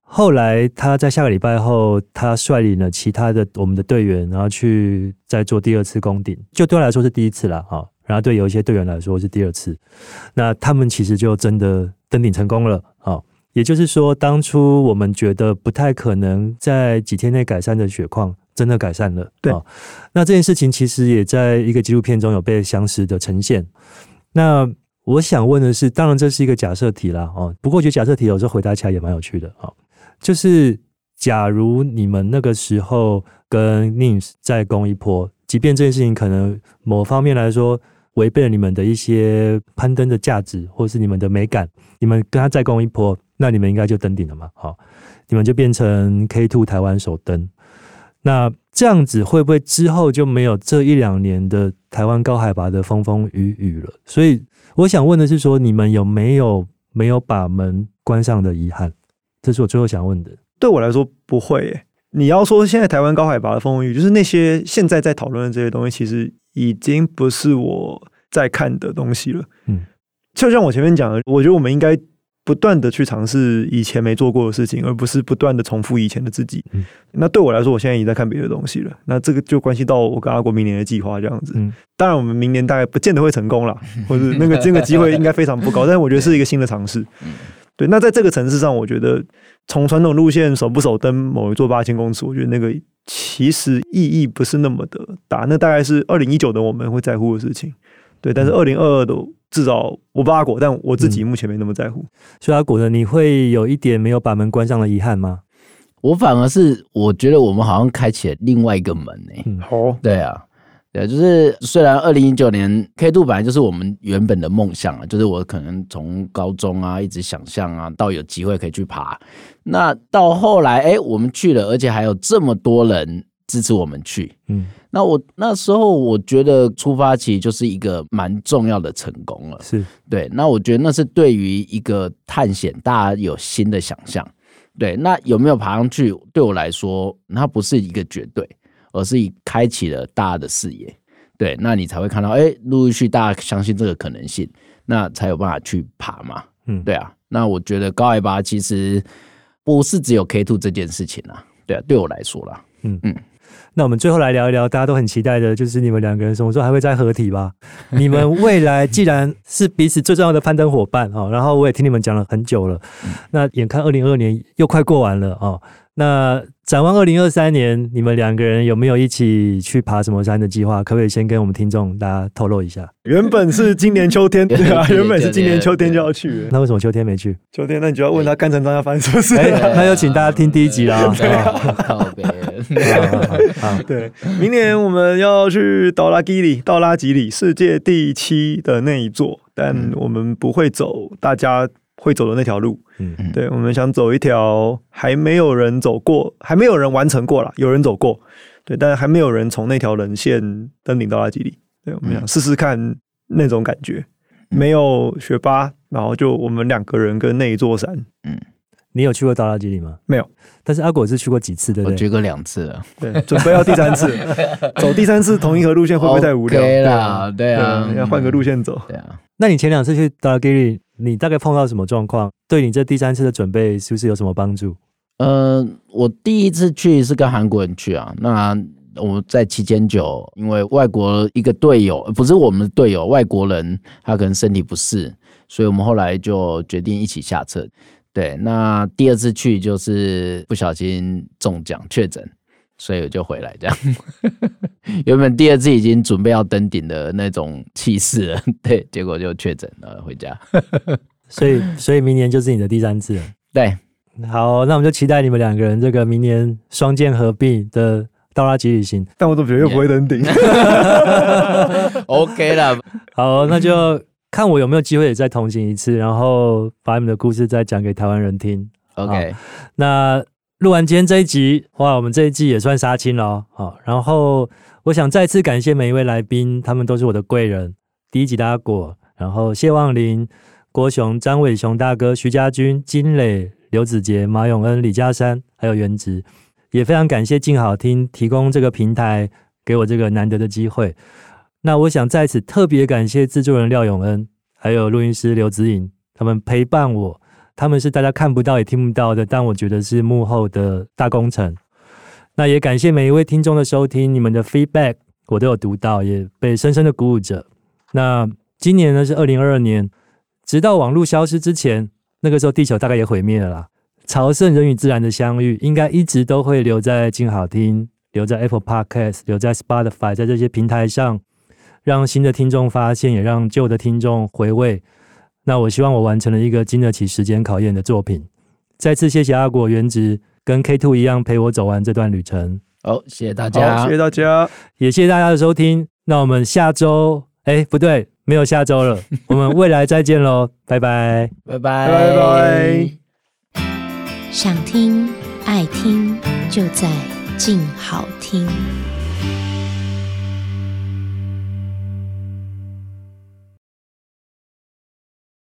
後來他在下個禮拜後，他率領了其他的我們的隊員，然後去再做第二次攻頂，就對他來說是第一次啦哈。然後對有一些隊員來說是第二次，那他們其實就真的登頂成功了啊！也就是說，當初我們覺得不太可能在幾天內改善的雪況，真的改善了。對，那這件事情其實也在一個紀錄片中有被詳實的呈現。那我想問的是，當然這是一個假設題啦。哦。不過我覺得假設題有時候回答起來也蠻有趣的啊。就是假如你們那個時候跟 Nims 再攻一波，即便這件事情可能某方面來說，違背了你們的一些攀登的價值，或是你們的美感，你們跟他再攻一波，那你們應該就登頂了嘛？好，哦，你們就變成 K2 台灣首登。那這樣子會不會之後就沒有這一兩年的台灣高海拔的風風雨雨了？所以我想問的是，說你們有沒有沒有把門關上的遺憾？這是我最後想問的。對我來說不會欸。你要說現在台灣高海拔的風雨，就是那些現在在討論的這些東西，其實。已經不是我在看的東西了。嗯，就像我前面講的，我覺得我們應該不斷的去嘗試以前沒做過的事情，而不是不斷的重複以前的自己。嗯。那對我來說，我現在已經在看別的東西了。那這個就關係到我跟阿國明年的計劃這樣子。嗯。當然，我們明年大概不見得會成功了，或者那個這個機會應該非常不高。 但我覺得是一個新的嘗試。對，對。嗯、那在這個層次上，我覺得從傳統路線守不守登某一座八千公尺，我覺得那個。其實意義不是那麼的大，那大概是二零一九的我們會在乎的事情，對。但是二零二二的至少我不阿果，但我自己目前沒那麼在乎。嗯、所以阿果的你會有一點沒有把門關上的遺憾嗎？我反而是我覺得我們好像開啟了另外一個門呢、欸。好、嗯，對啊。對，就是雖然二零一九年 K 度本來就是我們原本的夢想，就是我可能從高中啊一直想象啊，到有機會可以去爬，那到後來哎、欸，我們去了，而且還有這麼多人支持我們去，嗯，那我那時候我覺得出發其實就是一個蠻重要的成功了，是對，那我覺得那是對於一個探險大家有新的想象，對，那有沒有爬上去對我來說，那不是一個絕對。而是以開啟了大家的視野，對，那你才會看到，哎，陸陸續續大家相信這個可能性，那才有辦法去爬嘛，嗯，對啊，那我覺得高海拔其實不是只有 K2 這件事情啊，對啊，對我來說啦，嗯嗯，那我們最後來聊一聊，大家都很期待的，就是你們兩個人，什麼時候還會再合體吧？ 你們未來既然是彼此最重要的攀登夥伴啊、喔，然後我也聽你們講了很久了、嗯，那眼看二零二二年又快過完了哦、喔。那展望二零二三年，你們兩個人有沒有一起去爬什麼山的計劃？可不可以先跟我們聽眾大家透露一下？原本是今年秋天，對啊，原本是今年秋天就要去，那為什麼秋天沒去？秋天，那你就要問他干成要發生什麼事、欸？那有請大家聽第一集啦。好，的對，明年我們要去道拉吉里，道拉吉里世界第七的那一座，但我們不會走，大家會走的那條路，嗯、對我們想走一條還沒有人走過，還沒有人完成過啦，有人走過，對，但是還沒有人從那條稜線登頂到道拉吉里，對，我們想試試看那種感覺，嗯、沒有雪巴、嗯，然後就我們兩個人跟那一座山，嗯。你有去過達拉基里嗎？沒有，但是阿果是去過幾次的。我去過兩次了，對，準備要第三次， 走第三次同一個路線會不會太無聊？Okay, 啦對啊，對啊，嗯，要換個路線走，嗯。對啊，那你前兩次去達拉基里，你大概碰到什麼狀況？對你這第三次的準備是不是有什麼幫助？呃，我第一次去是跟韓國人去啊，那我在期間就因為外國一個隊友不是我們的隊友，外國人他可能身體不適，所以我們後來就決定一起下車。對，那第二次去就是不小心中獎確診，所以我就回來這樣。 原本第二次已經準備要登頂的那種氣勢，對，結果就確診了，回家。所以，所以明年就是你的第三次了。對，好，那我們就期待你們兩個人這個明年雙劍合璧的道拉吉旅行。但我總覺得又不會登頂。Yeah. OK 了，好，那就。 看我有沒有機會也再同行一次，然後把你們的故事再講給台灣人聽。OK，、哦、那錄完今天這一集，哇，我們這一季也算殺青了。好、哦，然後我想再次感謝每一位來賓，他們都是我的貴人。第一集的阿果，然後謝旺霖、郭雄、詹偉雄大哥、徐家軍、金磊、劉子杰、馬永恩、李嘉山，還有元植，也非常感謝鏡好聽提供這個平台，給我這個難得的機會。那我想在此特別感謝製作人廖永恩，還有錄音師劉子穎，他們陪伴我，他們是大家看不到也聽不到的，但我覺得是幕後的大功臣。那也感謝每一位聽眾的收聽，你們的 feedback 我都有讀到，也被深深的鼓舞着。那今年呢是二零二二年，直到網絡消失之前，那個時候地球大概也毀滅了啦。朝聖人與自然的相遇，應該一直都會留在靜好聽，留在 Apple Podcast，留在 Spotify，在這些平台上。讓新的聽眾發現，也讓舊的聽眾回味。那我希望我完成了一個經得起時間考驗的作品。再次謝謝阿果元植跟 K Two 一樣陪我走完這段旅程。好，謝謝大家，謝謝大家，也謝謝大家的收聽。那我們下周，哎，不對，沒有下周了， 我們未來再見嘍，拜拜，拜 拜，拜拜。想聽愛聽，就在靜好聽。